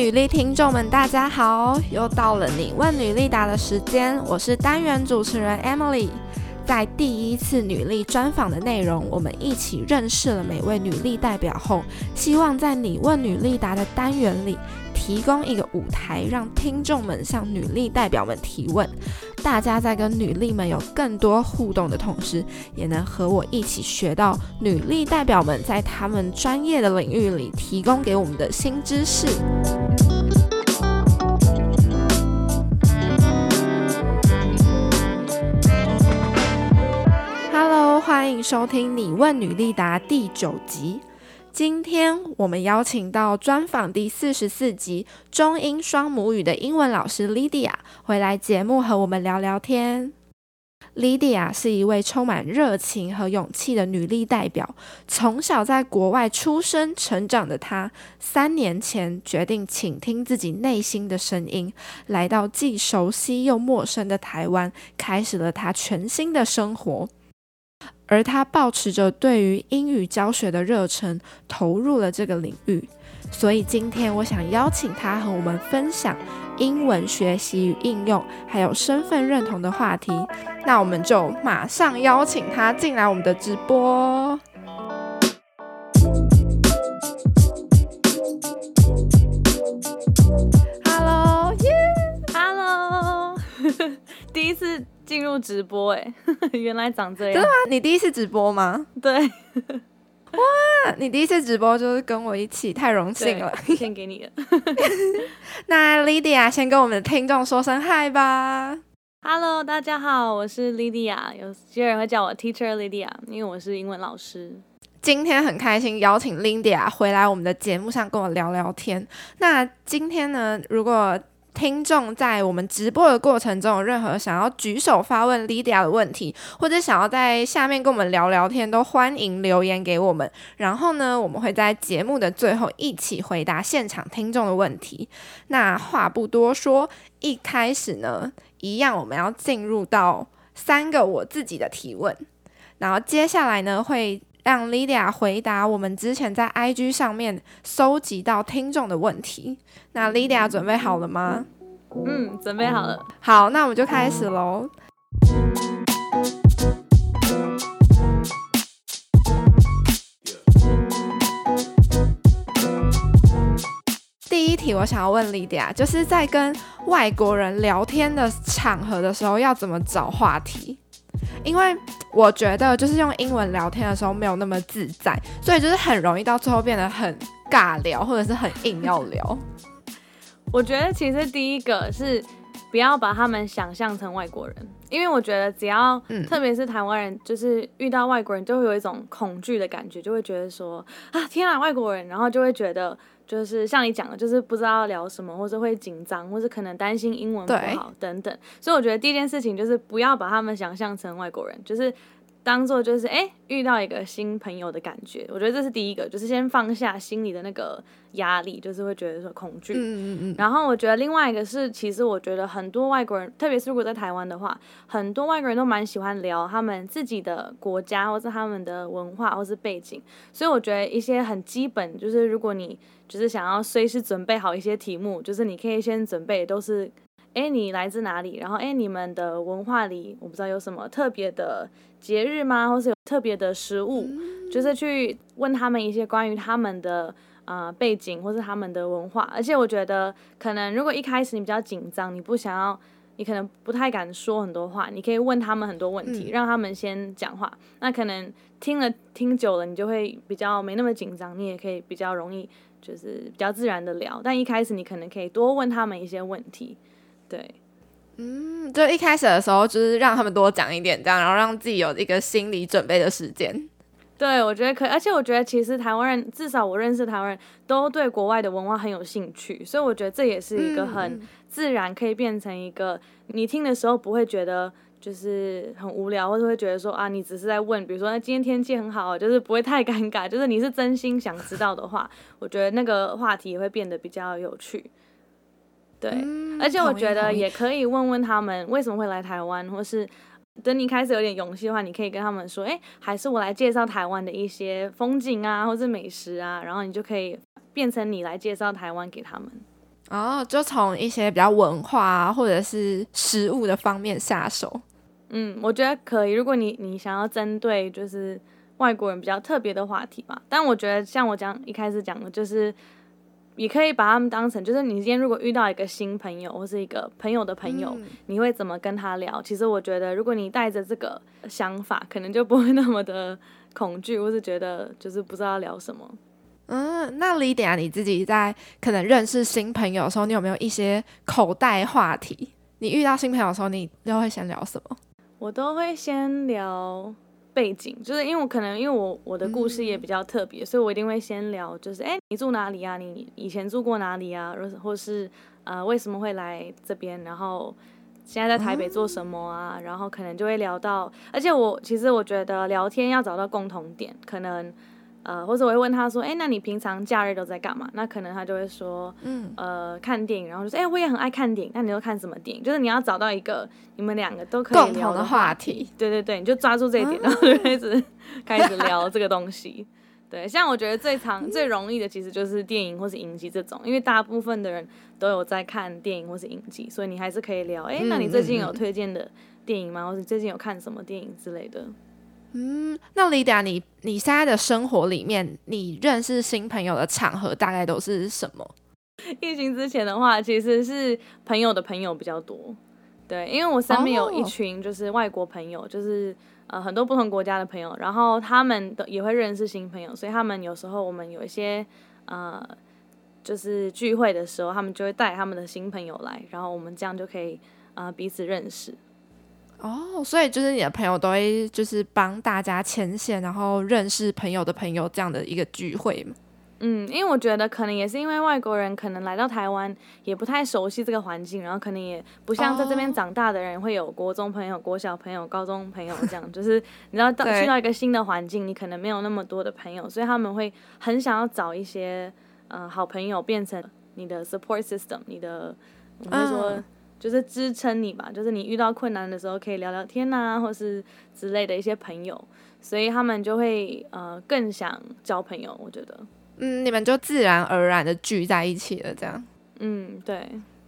女力聽眾們，大家好！又到了你問女力答的時間，我是單元主持人 Emily。在第一次女力專訪的內容，我們一起認識了每位女力代表後，希望在你問女力答的單元裡，提供一個舞台，讓聽眾們向女力代表們提問。大家在跟女力們有更多互動的同時，也能和我一起學到女力代表們在他們專業的領域裡提供給我們的新知識。Hello，歡迎收聽《你問女力答》第九集。今天我們邀請到專訪第四十四集中英雙母語的英文老師 Lydia 回來節目和我們聊聊天。Lydia 是一位充滿熱情和勇氣的女力代表，從小在國外出生成長的她，三年前決定傾聽自己內心的聲音，來到既熟悉又陌生的台灣，開始了她全新的生活。而他抱持著對於英語教學的熱忱，投入了這個領域。所以今天我想邀請他和我們分享英文學習與應用，還有身份認同的話題。那我們就馬上邀請他進來我們的直播哦。Hello, yeah! Hello! 第一次。進入直播誒、欸，原來長這樣，真的嗎？你第一次直播嗎？對，哇， 你第一次直播就是跟我一起，太榮幸了，獻給你的。 那 Lydia 先跟我們的聽眾說聲嗨吧，Hello，大家好，我是 Lydia，有些人會叫我 Teacher Lydia，因為我是英文老師。今天很開心邀請 Lydia 回來我們的節目上跟我聊聊天。那今天呢，如果聽眾在我們直播的過程中，有任何想要舉手發問 Lydia 的問題，或者想要在下面跟我們聊聊天，都歡迎留言給我們。然後呢，我們會在節目的最後一起回答現場聽眾的問題。那話不多說，一開始呢，一樣我們要進入到三個我自己的提問，然後接下來呢會。讓 Lydia 回答我們之前在 IG 上面收集到聽眾的問題。那 Lydia 準備好了嗎？嗯，準備好了。好，那我們就開始嘍。嗯、第一題，我想要問 Lydia 就是在跟外國人聊天的場合的時候，要怎麼找話題？因為我覺得就是用英文聊天的時候沒有那麼自在，所以就是很容易到最後變得很尬聊或者是很硬要聊。我覺得其實第一個是不要把他們想象成外國人，因為我覺得只要，特別是台灣人，就是遇到外國人就會有一種恐懼的感覺，就會覺得說啊天啊外國人，然後就會覺得。就是像你講的，就是不知道聊什麼，或者會緊張，或者可能擔心英文不好對等等。所以我覺得第一件事情就是不要把他們想象成外國人，就是。當做就是哎、欸，遇到一個新朋友的感覺，我覺得這是第一個，就是先放下心裡的那個壓力，就是會覺得說恐懼。嗯嗯嗯。然後我覺得另外一個是，其實我覺得很多外國人，特別是如果在台灣的話，很多外國人都蠻喜歡聊他們自己的國家，或是他們的文化，或是背景。所以我覺得一些很基本，就是如果你就是想要隨時準備好一些題目，就是你可以先準備都是。誒，你來自哪裡？然後，誒，你們的文化裡，我不知道有什麼特別的節日嗎？或是有特別的食物？就是去問他們一些關於他們的啊、呃、背景，或是他們的文化。而且我覺得，可能如果一開始你比較緊張，你不想要，你可能不太敢說很多話，你可以問他們很多問題，嗯、讓他們先講話。那可能聽了聽久了，你就會比較沒那麼緊張，你也可以比較容易，就是比較自然的聊。但一開始你可能可以多問他們一些問題。對，嗯，就一開始的時候，就是讓他們多講一點，這樣，然後讓自己有一個心理準備的時間。對，我覺得可以，而且我覺得其實台灣人，至少我認識台灣人都對國外的文化很有興趣，所以我覺得這也是一個很自然可以變成一個、嗯、你聽的時候不會覺得就是很無聊，或者會覺得說啊，你只是在問，比如說那今天天氣很好，就是不會太尷尬，就是你是真心想知道的話， 我覺得那個話題也會變得比較有趣。對，而且我覺得也可以問問他們為什麼會來台灣，或是等你開始有點勇氣的話，你可以跟他們說，哎，欸，還是我來介紹台灣的一些風景啊，或是美食啊，然後你就可以變成你來介紹台灣給他們。哦，就從一些比較文化啊，或者是食物的方面下手。嗯，我覺得可以。如果你你想要針對就是外國人比較特別的話題吧，但我覺得像我講一開始講的就是。你可以把他們當成，就是你今天如果遇到一個新朋友或是一個朋友的朋友，嗯、你會怎麼跟他聊？其實我覺得，如果你帶着這個想法，可能就不會那麼的恐懼，或是覺得就是不知道聊什麼。嗯，那 Lydia，你自己在可能認識新朋友的時候，你有沒有一些口袋話題？你遇到新朋友的時候，你都會先聊什麼？我都會先聊。背景，就是因為我可能因為我我的故事也比較特別，嗯、所以我一定會先聊，就是誒，你住哪裡啊？你以前住過哪裡啊？或或是呃為什麼會來這邊？然後現在在台北做什麼啊？嗯、然後可能就會聊到，而且我其實我覺得聊天要找到共同點，可能。呃，或者我會問他說，哎、欸，那你平常假日都在幹嘛？那可能他就會說，嗯，呃，看電影，然後就說、是，哎、欸，我也很愛看電影，那你又看什麼電影？就是你要找到一個你們兩個都可以聊的話題，共同的話題對對對，你就抓住這一點，啊、然後開始開始聊這個東西。對，像我覺得最常最容易的其實就是電影或是影集這種，因為大部分的人都有在看電影或是影集，所以你還是可以聊，哎、欸，那你最近有推薦的電影嗎？嗯、或者最近有看什麼電影之類的？嗯，那 Lydia，你你,你現在的生活裡面，你認識新朋友的場合大概都是什麼？疫情之前的話，其實是朋友的朋友比較多。對，因為我身邊有一群就是外國朋友，Oh. 就是呃很多不同國家的朋友，然後他們都也會認識新朋友，所以他們有時候我們有一些呃就是聚會的時候，他們就會帶他們的新朋友來，然後我們這樣就可以啊、呃、彼此認識。哦，oh, 所以就是你的朋友都會就是幫大家牽線，然後認識朋友的朋友這樣的一個聚會嗎？嗯，因為我覺得可能也是因為外國人可能來到台灣也不太熟悉這個環境，然後可能也不像在這邊長大的人，oh. 會有國中朋友、國小朋友、高中朋友這樣， 就是你知到對去到一個新的環境，你可能沒有那麼多的朋友，所以他們會很想要找一些呃好朋友變成你的 support system，你的比如說。嗯就是支撐你吧，就是你遇到困難的時候可以聊聊天吶、啊，或是之類的一些朋友，所以他們就會呃更想交朋友。我覺得，嗯，你們就自然而然的聚在一起了，這樣。嗯，對。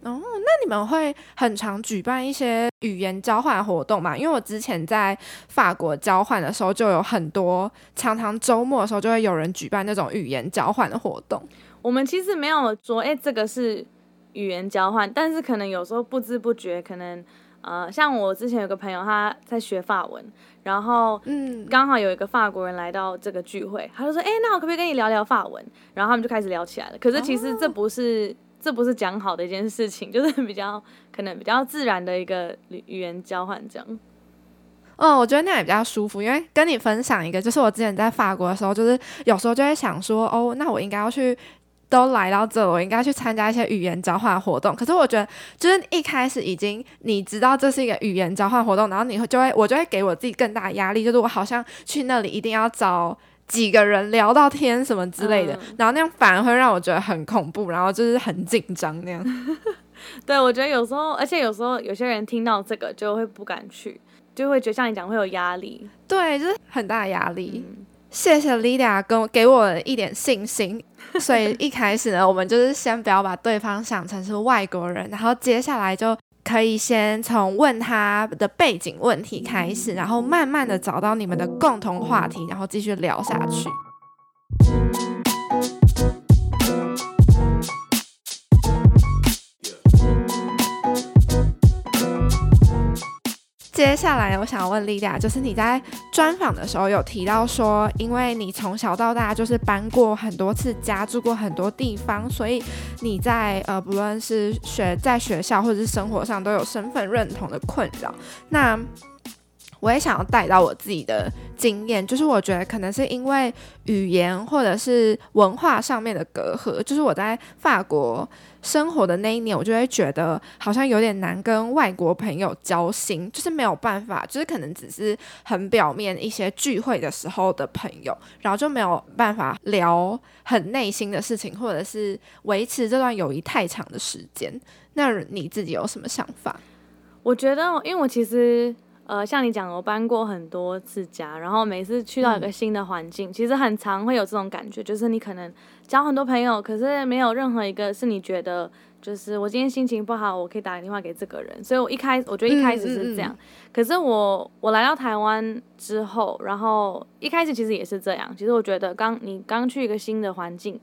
哦，那你們會很常舉辦一些語言交換活動嗎？因為我之前在法國交換的時候，就有很多常常周末的時候就會有人舉辦那種語言交換的活動。我們其實沒有說，哎、欸，這個是。語言交換，但是可能有時候不知不覺，可能，呃，像我之前有個朋友，他在學法文，然後，嗯，剛好有一個法國人來到這個聚會，嗯、他就說，哎、欸，那我可不可以跟你聊聊法文？然後他們就開始聊起來了。可是其實這不是，哦、這不是講好的一件事情，就是比較可能比較自然的一個語語言交換這樣。哦、嗯，我覺得那也比較舒服，因為跟你分享一個，就是我之前在法國的時候，就是有時候就會想說，哦，那我應該要去。都來到這，我應該去參加一些語言交換活動。可是我覺得，就是一開始已經你知道這是一個語言交換活動，然後你會就會我就會給我自己更大壓力，就是我好像去那裡一定要找幾個人聊到天什麼之類的，嗯、然後那樣反而會讓我覺得很恐怖，然後就是很緊張那樣。 對，我覺得有時候，而且有時候有些人聽到這個就會不敢去，就會覺得像你講會有壓力，對，就是很大壓力。嗯謝謝 Lydia 給我一點信心，所以一開始呢，我們就是先不要把對方想成是外國人，然後接下來就可以先從問他的背景問題開始，然後慢慢的找到你們的共同話題，然後繼續聊下去。接下來，我想問 Lydia，就是你在專訪的時候有提到說，因為你從小到大就是搬過很多次家，住過很多地方，所以你在呃不論是學在學校或者是生活上都有身份認同的困擾。那我也想要帶到我自己的經驗，就是我覺得可能是因為語言或者是文化上面的隔閡，就是我在法國。生活的那一年，我就會覺得好像有點難跟外國朋友交心，就是沒有辦法，就是可能只是很表面一些聚會的時候的朋友，然後就沒有辦法聊很內心的事情，或者是維持這段友誼太長的時間。那你自己有什麼想法？我覺得，因為我其實。呃，像你講，我搬過很多次家，然後每次去到一個新的環境，嗯、其實很常會有這種感覺，就是你可能交很多朋友，可是沒有任何一個是你覺得，就是我今天心情不好，我可以打個電話給這個人。所以我一開，我覺得一開始是這樣。嗯嗯、可是我我來到台灣之後，然後一開始其實也是這樣。其實我覺得剛你剛去一個新的環境，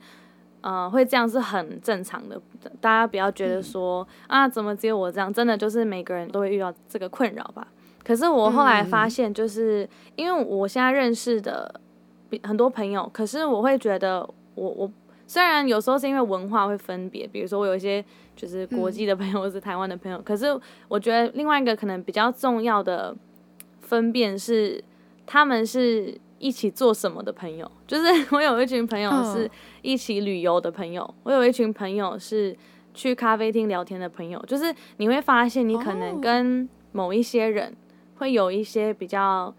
呃，會這樣是很正常的。大家不要覺得說、嗯、啊，怎麼只有我這樣？真的就是每個人都會遇到這個困擾吧。可是我後來發現，就是因為我現在認識的，很多朋友，可是我會覺得，我我雖然有時候是因為文化會分別，比如說我有一些就是國際的朋友，或是台灣的朋友，可是我覺得另外一個可能比較重要的分辨是，他們是一起做什麼的朋友，就是我有一群朋友是一起旅遊的朋友，我有一群朋友是去咖啡廳聊天的朋友，就是你會發現你可能跟某一些人，會有一些比較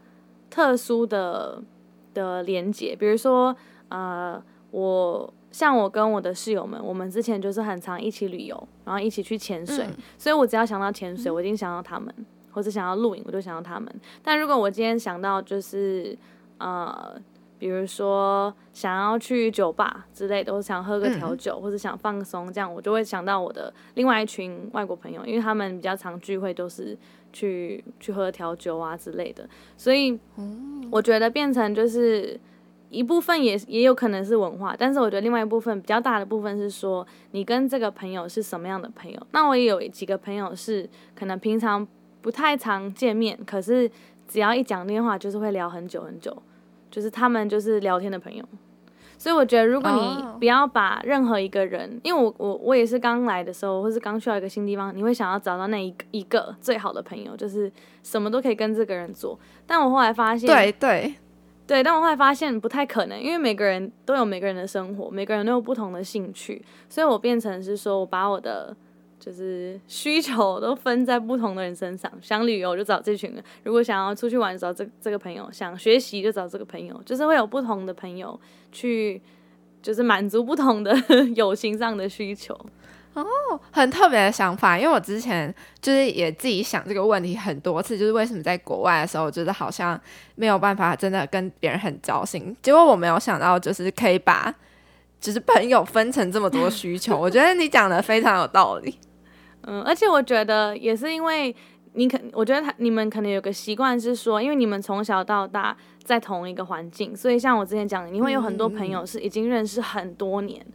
特殊的的連接，比如說，啊、呃，我像我跟我的室友們，我們之前就是很常一起旅遊，然後一起去潛水，嗯、所以我只要想到潛水，我已經想到他們，嗯、或者想要露營，我就想到他們。但如果我今天想到就是，啊、呃，比如說想要去酒吧之類的，我想喝個調酒，嗯、或者想放鬆，這樣我就會想到我的另外一群外國朋友，因為他們比較常聚會，都是。去去喝調酒啊之類的，所以我覺得變成就是一部分也也有可能是文化，但是我覺得另外一部分比較大的部分是說，你跟這個朋友是什麼樣的朋友。那我也有幾個朋友是可能平常不太常見面，可是只要一講電話就是會聊很久很久，就是他們就是聊天的朋友。所以我覺得，如果你不要把任何一個人，oh. 因為我我我也是剛來的時候，或是剛去到一個新地方，你會想要找到那一個一個最好的朋友，就是什麼都可以跟這個人做。但我後來發現，對對對，但我後來發現不太可能，因為每個人都有每個人的生活，每個人都有不同的興趣，所以我變成是說，我把我的。就是需求都分在不同的人身上，想旅遊就找這群人；如果想要出去玩，找這這個朋友；想學習就找這個朋友。就是會有不同的朋友去，就是滿足不同的友情上的需求。哦，很特別的想法，因為我之前就是也自己想這個問題很多次，就是為什麼在國外的時候，就是好像沒有辦法真的跟別人很交心。結果我沒有想到，就是可以把就是朋友分成這麼多需求。 我覺得你講的非常有道理。嗯，而且我覺得也是因為你肯，我覺得他你們可能有個習慣是說，因為你們從小到大在同一個環境，所以像我之前講的，你會有很多朋友是已經認識很多年。嗯、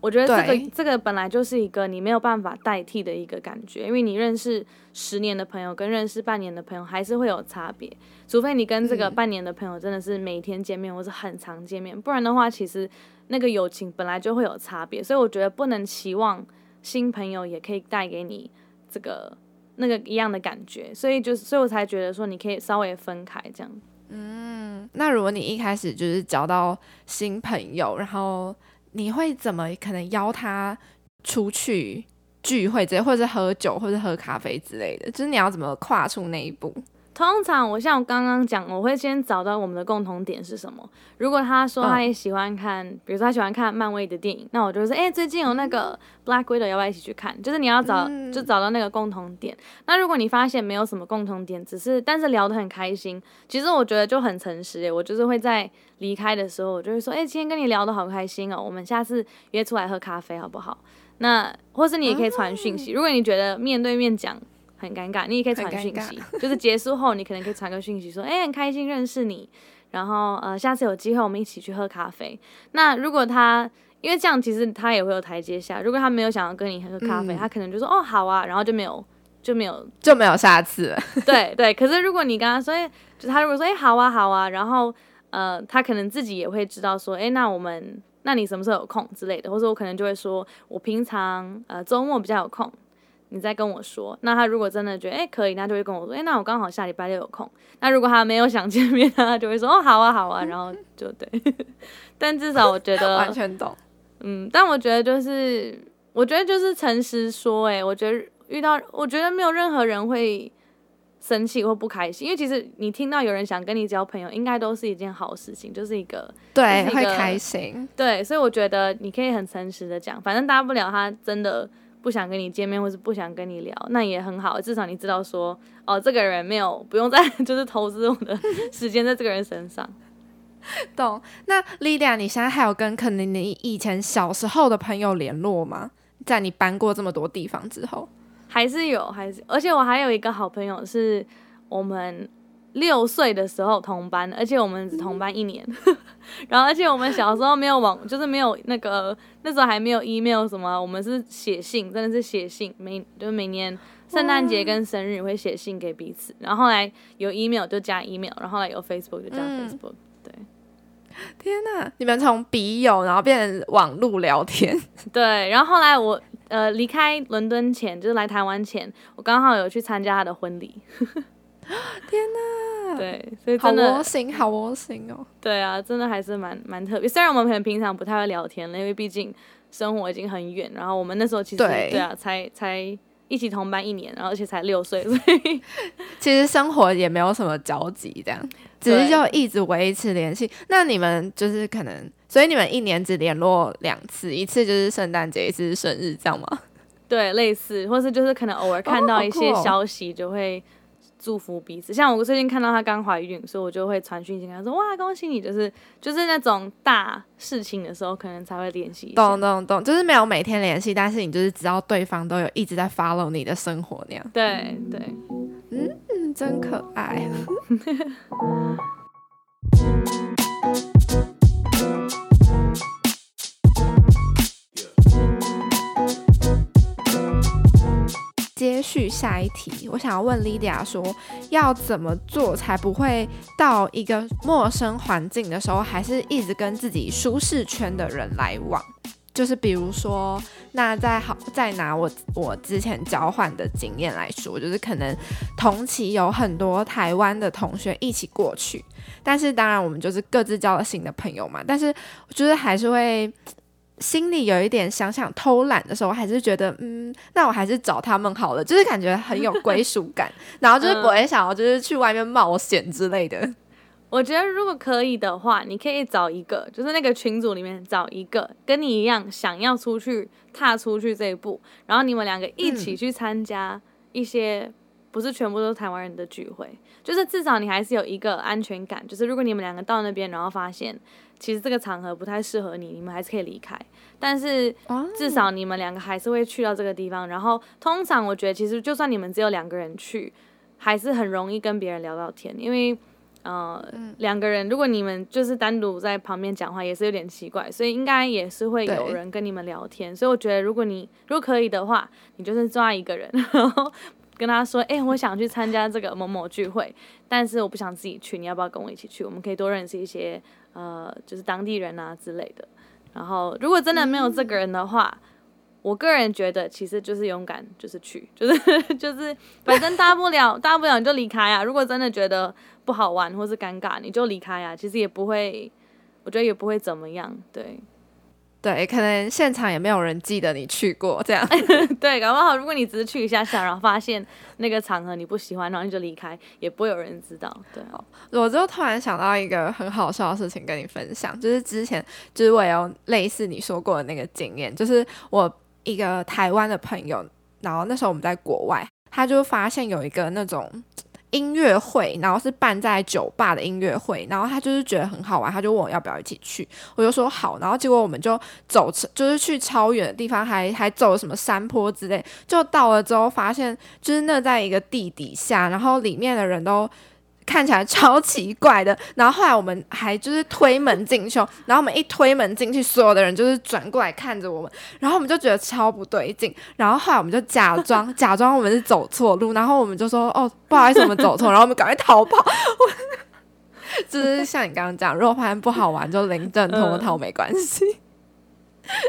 我覺得這個對這個本來就是一個你沒有辦法代替的一個感覺，因為你認識十年的朋友跟認識半年的朋友還是會有差別，除非你跟這個半年的朋友真的是每天見面或是很常見面，不然的話，其實那個友情本來就會有差別，所以我覺得不能期望。新朋友也可以帶給你這個那個一樣的感覺，所以就是，所以我才覺得說，你可以稍微分開這樣。嗯，那如果你一開始就是交到新朋友，然後你會怎麼可能邀他出去聚會之類，或者喝酒，或者喝咖啡之類的？就是你要怎麼跨出那一步？通常我像我剛剛講，我會先找到我們的共同點是什麼。如果他說他也喜歡看，比如說他喜歡看漫威的電影，那我就說，哎，最近有那個 Black Widow，要不要一起去看？就是你要找，就找到那個共同點。那如果你發現沒有什麼共同點，只是但是聊得很開心，其實我覺得就很誠實欸。我就是會在離開的時候，我就會說，哎，今天跟你聊得好開心哦，我們下次約出來喝咖啡好不好？那或是你也可以傳訊息。如果你覺得面對面講。很尷尬，你也可以傳訊息，就是結束後你可能可以傳個訊息說，哎、 欸，很開心認識你，然後呃，下次有機會我們一起去喝咖啡。那如果他，因為這樣其實他也會有台階下。如果他沒有想要跟你喝咖啡，嗯、他可能就說，哦，好啊，然後就沒有就沒有就沒有下次了。對對，可是如果你剛剛說，就他如果說，哎、欸，好啊好啊，然後呃，他可能自己也會知道說，哎、欸，那我們那你什麼時候有空之類的，或者我可能就會說我平常呃周末比較有空。你再跟我說，那他如果真的覺得哎、欸、可以，那就會跟我說哎、欸，那我剛好下禮拜六有空。那如果他沒有想見面，那他就會說哦好啊好啊，好啊 然後就對。但至少我覺得完全懂，嗯。但我覺得就是，我覺得就是誠實說、欸，哎，我覺得遇到，我覺得沒有任何人會生氣或不開心，因為其實你聽到有人想跟你交朋友，應該都是一件好事情，就是一個，對，一個會開心，對。所以我覺得你可以很誠實的講，反正大不了他真的。不想跟你見面，或是不想跟你聊，那也很好，至少你知道說，哦，這個人沒有不用再就是投資我的時間在這個人身上， 懂？那 Lydia，Lydia, 你現在還有跟可能你以前小時候的朋友聯絡嗎？在你搬過這麼多地方之後，還是有，還是，而且我還有一個好朋友是我們。六歲的時候同班，而且我們只同班一年，嗯、 然後而且我們小時候沒有網，就是沒有那個那時候還沒有 email 什麼，我們是寫信，真的是寫信，每就是、每年聖誕節跟生日會寫信給彼此。哇然後後來有 email 就加 email，然後後來有 Facebook 就加 Facebook、嗯。對，天哪、啊，你們從筆友然後變成網絡聊天，對。然後後來我呃離開倫敦前，就是來台灣前，我剛好有去參加他的婚禮。 天吶、啊！對，所以真的好魔性，好魔性哦。對啊，真的還是蠻蠻特別。雖然我們可能平常不太會聊天，因為畢竟生活已經很遠。然後我們那時候其實對對啊，才才一起同班一年，然後而且才六歲，所以其實生活也沒有什麼交集，這樣對只是就一直維持聯繫。那你們就是可能，所以你們一年只聯絡兩次，一次就是聖誕節，一次是生日，這樣嗎？對，類似，或是就是可能偶爾看到一些消息就會。哦祝福彼此，像我最近看到她剛懷孕，所以我就會傳訊息跟她說，哇，恭喜你，就是就是那種大事情的時候，可能才會聯繫。懂懂懂，就是沒有每天聯繫，但是你就是知道對方都有一直在 follow 你的生活那樣。對對，嗯嗯，真可愛。 接續下一題，我想要問 Lydia 說，要怎麼做才不會到一個陌生環境的時候，還是一直跟自己舒適圈的人來往？就是比如說，那在好再拿我我之前交換的經驗來說，就是可能同期有很多台灣的同學一起過去，但是當然我們就是各自交了新的朋友嘛，但是就是還是會。心裡有一點想想偷懶的時候，我還是覺得嗯，那我還是找他們好了，就是感覺很有歸屬感， 然後就是不會想要就是去外面冒險之類的、嗯。我覺得如果可以的話，你可以找一個，就是那個群組裡面找一個跟你一樣想要出去、踏出去這一步，然後你們兩個一起去參加一些、嗯。不是全部都是台灣人的聚會，就是至少你還是有一個安全感。就是如果你們兩個到那邊，然後發現其實這個場合不太適合你，你們還是可以離開。但是至少你們兩個還是會去到這個地方。然後通常我覺得，其實就算你們只有兩個人去，還是很容易跟別人聊到天。因為呃，嗯、兩個人如果你們就是單獨在旁邊講話，也是有點奇怪，所以應該也是會有人跟你們聊天。對所以我覺得，如果你如果可以的話，你就是抓一個人，然後。跟他說：“哎、欸，我想去參加這個某某聚會，但是我不想自己去，你要不要跟我一起去？我們可以多認識一些，呃，就是當地人啊之類的。然後，如果真的沒有這個人的話，我個人覺得其實就是勇敢，就是去，就是就是，反正大不了，大不了你就離開啊。如果真的覺得不好玩或是尷尬，你就離開啊。其實也不會，我覺得也不會怎麼樣，對。”對，可能現場也沒有人記得你去過，這樣 對，搞不好如果你只是去一下下，然後發現那個場合你不喜歡，然後你就離開，也不會有人知道。對哦，我就突然想到一個很好笑的事情跟你分享，就是之前就是我有類似你說過的那個經驗，就是我一個台灣的朋友，然後那時候我們在國外，他就發現有一個那種。音樂會，然後是辦在酒吧的音樂會，然後他就是覺得很好玩，他就問我要不要一起去，我就說好，然後結果我們就走，就是去超遠的地方還，還還走什麼山坡之類，就到了之後發現就是那在一個地底下，然後裡面的人都看起來超奇怪的，然後後來我們還就是推門進去，然後我們一推門進去，所有的人就是轉過來看着我們，然後我們就覺得超不對勁，然後後來我們就假裝假裝我們是走錯路，然後我們就說哦不好意思，我們走錯，然後我們趕快逃跑。 就是像你剛剛講，如果發現不好玩，就臨陣脫逃沒關係。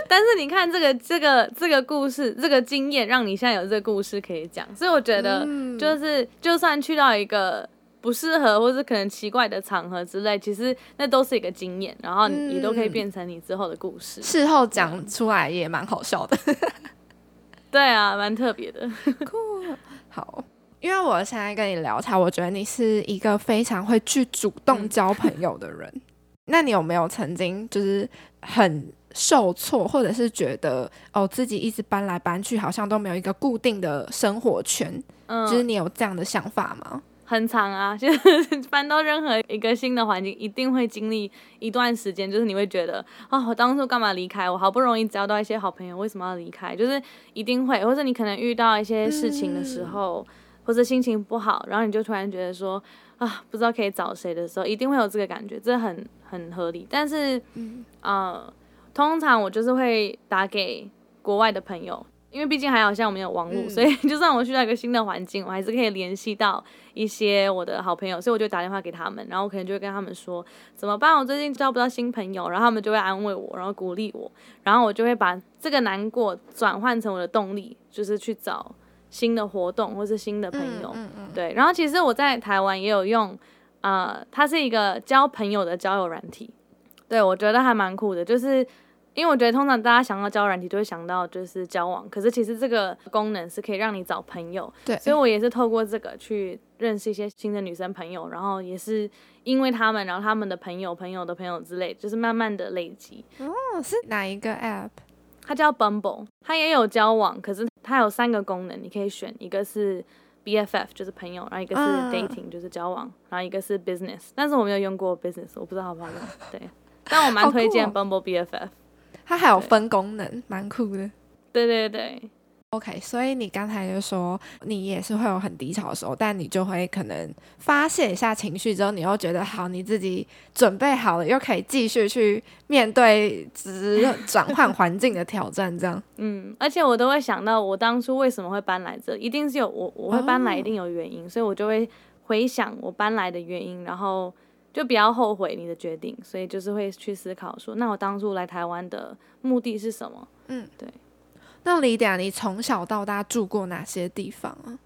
但是你看這個這個這個故事，這個經驗，讓你現在有這個故事可以講，所以我覺得就是、嗯、就算去到一個。不適合，或是可能奇怪的場合之類，其實那都是一個經驗，然後你都可以變成你之後的故事。嗯、事後講出來也蠻好笑的， 對啊，蠻特別的，酷、cool。好，因為我現在跟你聊天，我覺得你是一個非常會去主動交朋友的人。嗯、那你有沒有曾經就是很受挫，或者是覺得哦自己一直搬來搬去，好像都沒有一個固定的生活圈？嗯，就是你有這樣的想法嗎？很常啊，就是搬到任何一個新的環境，一定會經歷一段時間，就是你會覺得啊，我當初幹嘛離開？我好不容易交到一些好朋友，為什麼要離開？就是一定會，或者你可能遇到一些事情的時候，嗯、或者心情不好，然後你就突然覺得說啊，不知道可以找誰的時候，一定會有這個感覺，這很很合理。但是，啊、呃，通常我就是會打給國外的朋友。因為畢竟還好，像我們有網絡，嗯、所以就算我去到一個新的環境，我還是可以聯繫到一些我的好朋友，所以我就打電話給他們，然後我可能就會跟他們說，怎麼辦，我最近交不到新朋友，然後他們就會安慰我，然後鼓勵我，然後我就會把這個難過轉換成我的動力，就是去找新的活動或是新的朋友。嗯嗯嗯對，然後其實我在台灣也有用，呃，它是一個交朋友的交友軟體，對我覺得還蠻酷的，就是。因為我覺得通常大家想到交友軟體就會想到就是交往，可是其實這個功能是可以讓你找朋友，對，所以我也是透過這個去認識一些新的女生朋友，然後也是因為他們，然後他們的朋友、朋友的朋友之類，就是慢慢的累積。哦，是哪一個 app？它叫 Bumble，它也有交往，可是它有三個功能，你可以選，一個是 BFF 就是朋友，然後一個是 dating 就是交往，然後一個是 business，但是我沒有用過 business，我不知道好不好用，對，但我蠻推薦 Bumble BFF，好酷哦。它還有分功能，蠻對酷的。對對對，OK。所以你剛才就說你也是會有很低潮的時候，但你就會可能發泄一下情緒之後，你又覺得好，你自己準備好了，又可以繼續去面對轉轉換環境的挑戰。這樣。 嗯，而且我都會想到我當初為什麼會搬來這，一定是有我我會搬來一定有原因，哦、所以我就會回想我搬來的原因，然後。就比較後悔你的決定，所以就是會去思考說，那我當初來台灣的目的是什麼？嗯，對。那 Lydia，你從小到大住過哪些地方啊？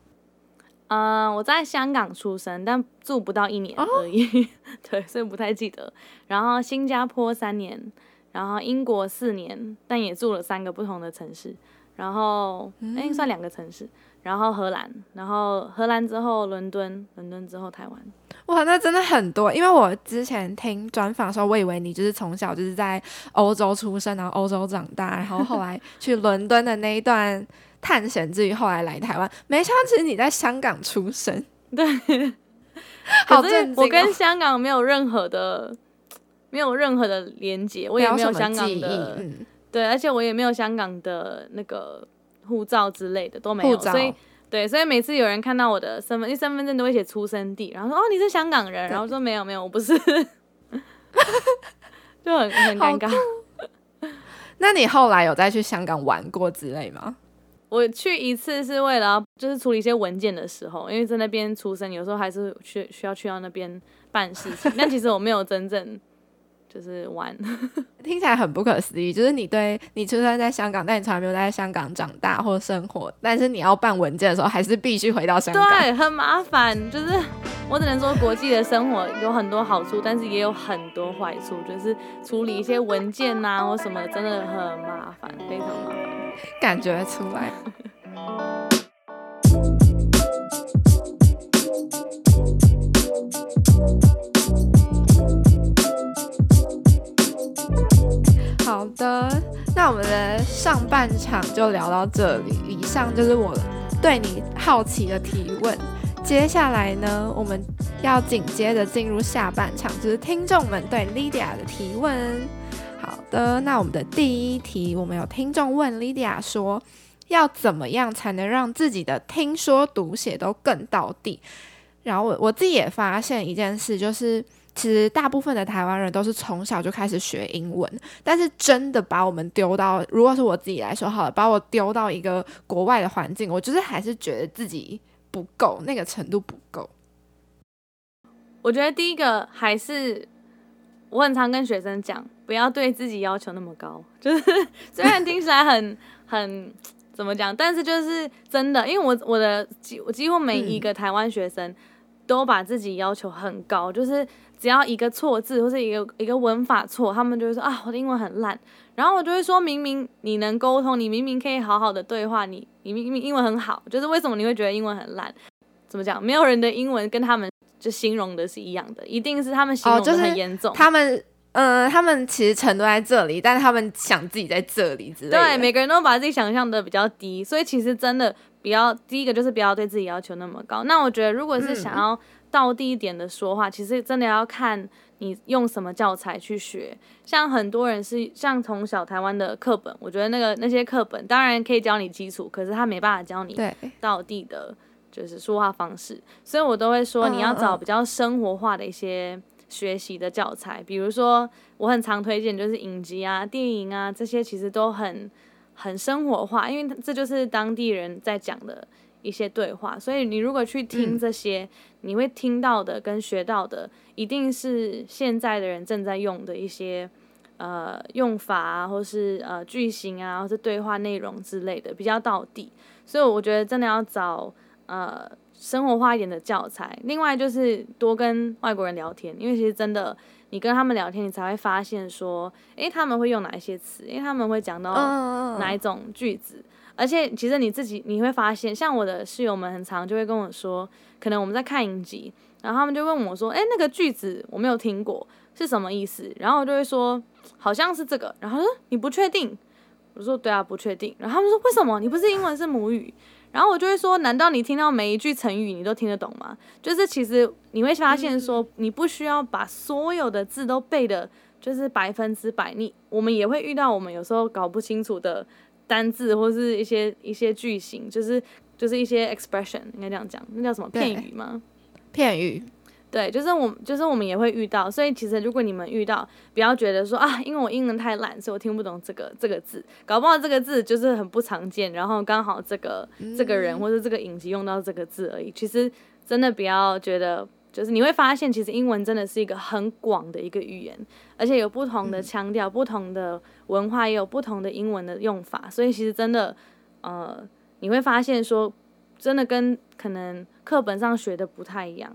嗯、呃，我在香港出生，但住不到一年而已，oh. 對，所以不太記得。然後新加坡三年，然後英國四年，但也住了三個不同的城市。然後，該、欸嗯、算兩個城市。然後荷蘭，然後荷蘭之後倫敦，倫敦之後台灣。哇，那真的很多。因為我之前聽專訪的時候，我以為你就是從小就是在歐洲出生，然後歐洲長大，然後後來去倫敦的那一段探險。至於後來來台灣， 沒想到，其實你在香港出生。對，好震驚，我跟香港沒有任何的，沒有任何的連接，我也沒有香港的，記憶。嗯、對，而且我也沒有香港的那個護照之類的都沒有，護照，所以。對，所以每次有人看到我的身份，因為身份證都會寫出生地，然後說哦，你是香港人。對然後說沒有沒有，我不是， 就很很尷尬。那你後來有再去香港玩過之類嗎？我去一次是為了就是處理一些文件的時候，因為在那邊出生，有時候還是去需要去到那邊辦事情，但其實我沒有真正。就是玩，聽起來很不可思議。就是你對你出生在香港，但你從來沒有在香港長大或生活，但是你要辦文件的時候，還是必須回到香港。對，很麻煩。就是我只能說，國際的生活有很多好處，但是也有很多壞處。就是處理一些文件吶、啊，或什麼，真的很麻煩，非常麻煩，感覺出來。 好的，那我們的上半場就聊到這裡。以上就是我對你好奇的提問。接下來呢，我們要緊接着進入下半場，就是聽眾們對 Lydia 的提問。好的，那我們的第一題，我們有聽眾問 Lydia 說，要怎麼樣才能讓自己的聽說讀寫都更道地？然後我我自己也發現一件事，就是。其實大部分的台灣人都是從小就開始學英文，但是真的把我們丟到，如果是我自己來說好了，把我丟到一個國外的環境，我就是還是覺得自己不夠，那個程度不夠。我覺得第一個還是，我很常跟學生講，不要對自己要求那麼高，就是雖然聽起來很 很怎麼講，但是就是真的，因為我我的我幾我幾乎每一個台灣學生。嗯都把自己要求很高，就是只要一個錯字或者一個一個文法錯，他們就會說啊，我的英文很爛。然後我就會說明明你能溝通，你明明可以好好的對話，你你明明英文很好，就是為什麼你會覺得英文很爛？怎麼講？沒有人的英文跟他們就形容的是一樣的，一定是他們形容的很嚴重。哦，就是、他們呃，他們其實程度在這裡，但是他們想自己在這裡之類。對，每個人都把自己想象的比較低，所以其實真的。比較第一個就是不要對自己要求那麼高。那我覺得，如果是想要道地一點的說話，嗯、其實真的要看你用什麼教材去學。像很多人是像從小台灣的課本，我覺得那個那些課本當然可以教你基礎，可是他沒辦法教你道地的，對就是說話方式。所以我都會說，你要找比較生活化的一些學習的教材，uh, uh. 比如說我很常推薦就是影集啊、電影啊這些，其實都很。很生活化，因為這就是當地人在講的一些對話，所以你如果去聽這些，嗯、你會聽到的跟學到的一定是現在的人正在用的一些呃用法啊，或是呃句型啊，或是對話內容之類的，比較道地。所以我覺得真的要找呃生活化一點的教材，另外就是多跟外國人聊天，因為其實真的。你跟他們聊天，你才會發現說，誒、欸，他們會用哪一些詞？因為，欸，他們會講到哪一種句子，oh, oh, oh. 而且其實你自己你會發現，像我的室友們，很常就會跟我說，可能我們在看影集，然後他們就問我說，誒、欸，那個句子我沒有聽過，是什麼意思？然後我就會說，好像是這個，然後他說你不確定，我說對啊，不確定，然後他們說為什麼？你不是英文是母語？然後我就會說，難道你聽到每一句成語，你都聽得懂嗎？就是其實你會發現，說你不需要把所有的字都背的，就是百分之百你。你我們也會遇到，我們有時候搞不清楚的單字，或者是一些一些句型，就是就是一些 expression，應該這樣講，那叫什麼片語嗎？片語。對，就是我，就是我們也會遇到，所以其實如果你們遇到，不要覺得說啊，因為我英文太爛，所以我聽不懂這個這個字，搞不好這個字就是很不常見，然後剛好這個這個人或者這個影集用到這個字而已。其實真的不要覺得，就是你會發現，其實英文真的是一個很廣的一個語言，而且有不同的腔調、不同的文化，也有不同的英文的用法，所以其實真的，呃，你會發現說，真的跟可能課本上學的不太一樣。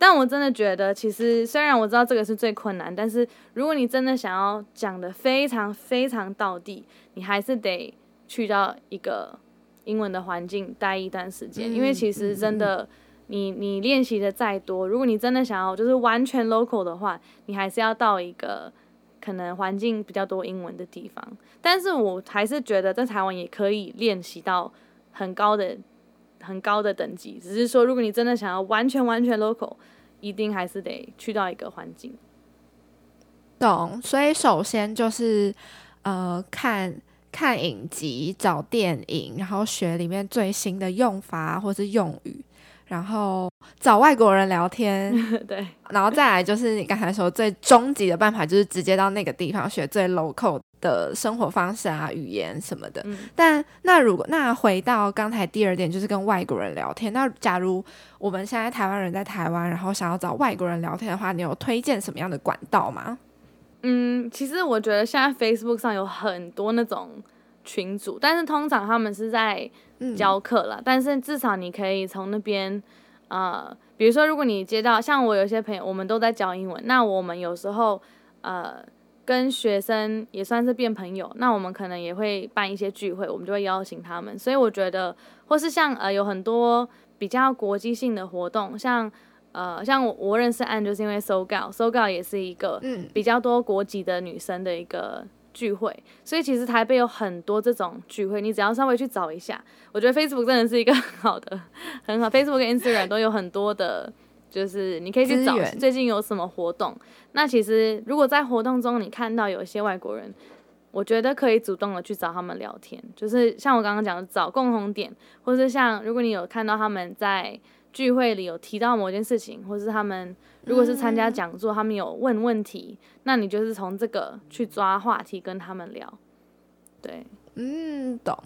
但我真的覺得，其實雖然我知道這個是最困難，但是如果你真的想要講的非常非常道地，你還是得去到一個英文的環境待一段時間。因為其實真的你，你你練習的再多，如果你真的想要就是完全 local 的話，你還是要到一個可能環境比較多英文的地方。但是我還是覺得在台灣也可以練習到很高的。很高的等級，只是說，如果你真的想要完全完全 local，一定還是得去到一個環境。懂，所以首先就是，呃，看，看影集，找電影，然後學裡面最新的用法或是用語。然後找外國人聊天， 對，然後再來就是你剛才說最終極的辦法，就是直接到那個地方學最 local 的生活方式啊、語言什麼的。嗯、但那如果那回到剛才第二點，就是跟外國人聊天。那假如我們現在台灣人在台灣，然後想要找外國人聊天的話，你有推薦什麼樣的管道嗎？嗯，其實我覺得現在 Facebook 上有很多那種群組，但是通常他們是在。教課了，但是至少你可以從那邊，呃，比如說，如果你接到像我有些朋友，我們都在教英文，那我們有時候，呃，跟學生也算是變朋友，那我們可能也會辦一些聚會，我們就會邀請他們。所以我覺得，或是像呃有很多比較國際性的活動，像呃像我我認識 Ann 就是因為 SoGal，SoGal 也是一個比較多國籍的女生的一個。聚會，所以其實台北有很多這種聚會，你只要稍微去找一下。我覺得 Facebook 真的是一個很好的、很好，Facebook 跟 Instagram 都有很多的，就是你可以去找最近有什麼活動。資源。那其實如果在活動中，你看到有一些外國人，我覺得可以主動的去找他們聊天，就是像我剛剛講的找共同點，或是像如果你有看到他們在。聚會裡有提到某件事情，或是他們如果是參加講座，嗯、他們有問問題，那你就是從這個去抓話題跟他們聊。對，嗯，懂。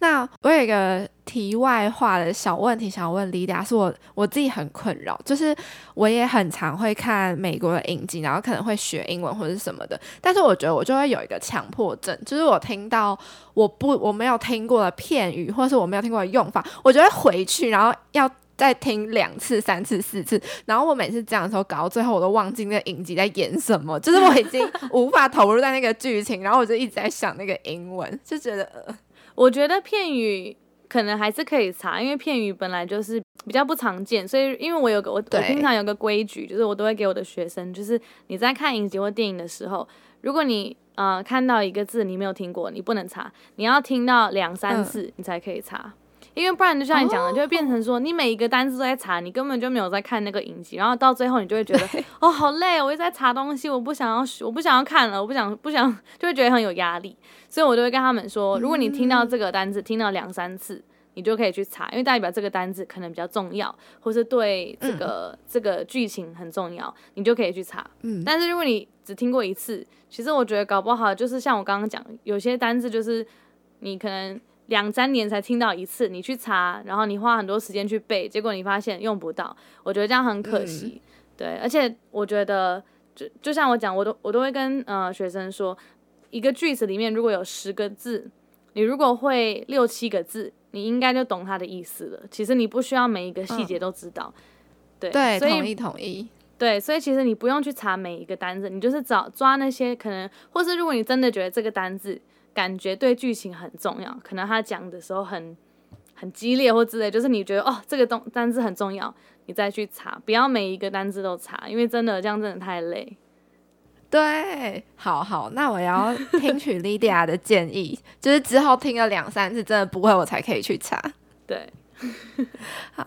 那我有一個題外話的小問題想問 Lydia，是我我自己很困擾，就是我也很常會看美國的影集，然後可能會學英文或者什麼的，但是我覺得我就會有一個強迫症，就是我聽到我不我沒有聽過的片語，或者是我沒有聽過的用法，我就會回去然後要。再聽兩次、三次、四次，然後我每次講的時候，搞到最後我都忘記那影集在演什麼，就是我已經無法投入在那個劇情， 然後我就一直在想那個英文，就覺得，我覺得片語可能還是可以查，因為片語本來就是比較不常見，所以因為我有個我對我平常有個規矩，就是我都會給我的學生，就是你在看影集或電影的時候，如果你呃看到一個字你沒有聽過，你不能查，你要聽到兩三次你才可以查。嗯因為不然就像你講的，就會變成說你每一個單字都在查，你根本就沒有在看那個影集，然後到最後你就會覺得對哦好累，我一直在查東西，我不想要我不想要看了，我不想不想，就會覺得很有壓力。所以我就會跟他們說，如果你聽到這個單字，嗯、聽到兩三次，你就可以去查，因為代表這個單字可能比較重要，或是對這個、嗯、這個劇情很重要，你就可以去查。嗯，但是如果你只聽過一次，其實我覺得搞不好就是像我剛剛講，有些單字就是你可能。兩三年才聽到一次，你去查，然後你花很多時間去背，結果你發現用不到，我覺得這樣很可惜。嗯、對，而且我覺得就就像我講，我都我都會跟呃學生說，一個句子裡面如果有十個字，你如果會六七個字，你應該就懂它的意思了。其實你不需要每一個細節都知道。嗯、對，所以同意同意。意對，所以其實你不用去查每一個單字，你就是找抓那些可能，或是如果你真的覺得這個單字。感覺對劇情很重要，可能他講的時候很很激烈或之類，就是你覺得哦這個東單字很重要，你再去查，不要每一個單字都查，因為真的這樣真的太累。對，好好，那我要聽取 Lydia 的建議， 就是之後聽了兩三次真的不會，我才可以去查。對，好。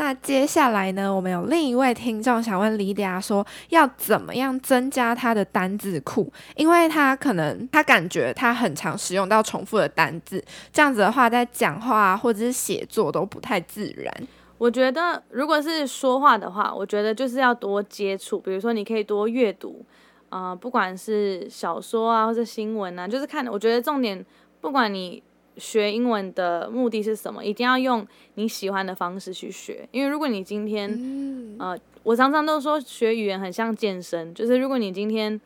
那接下來呢？我們有另一位聽眾想問 Lydia 說，要怎麼樣增加他的單字庫？因為他可能他感覺他很常使用到重複的單字，這樣子的話，在講話或者是寫作都不太自然。我覺得，如果是說話的話，我覺得就是要多接觸，比如說你可以多閱讀啊、呃，不管是小說啊，或者新聞啊，就是看。我覺得重點，不管你。學英文的目的是什麼？一定要用你喜歡的方式去學，因為如果你今天，嗯、呃，我常常都說學語言很像健身，就是如果你今天，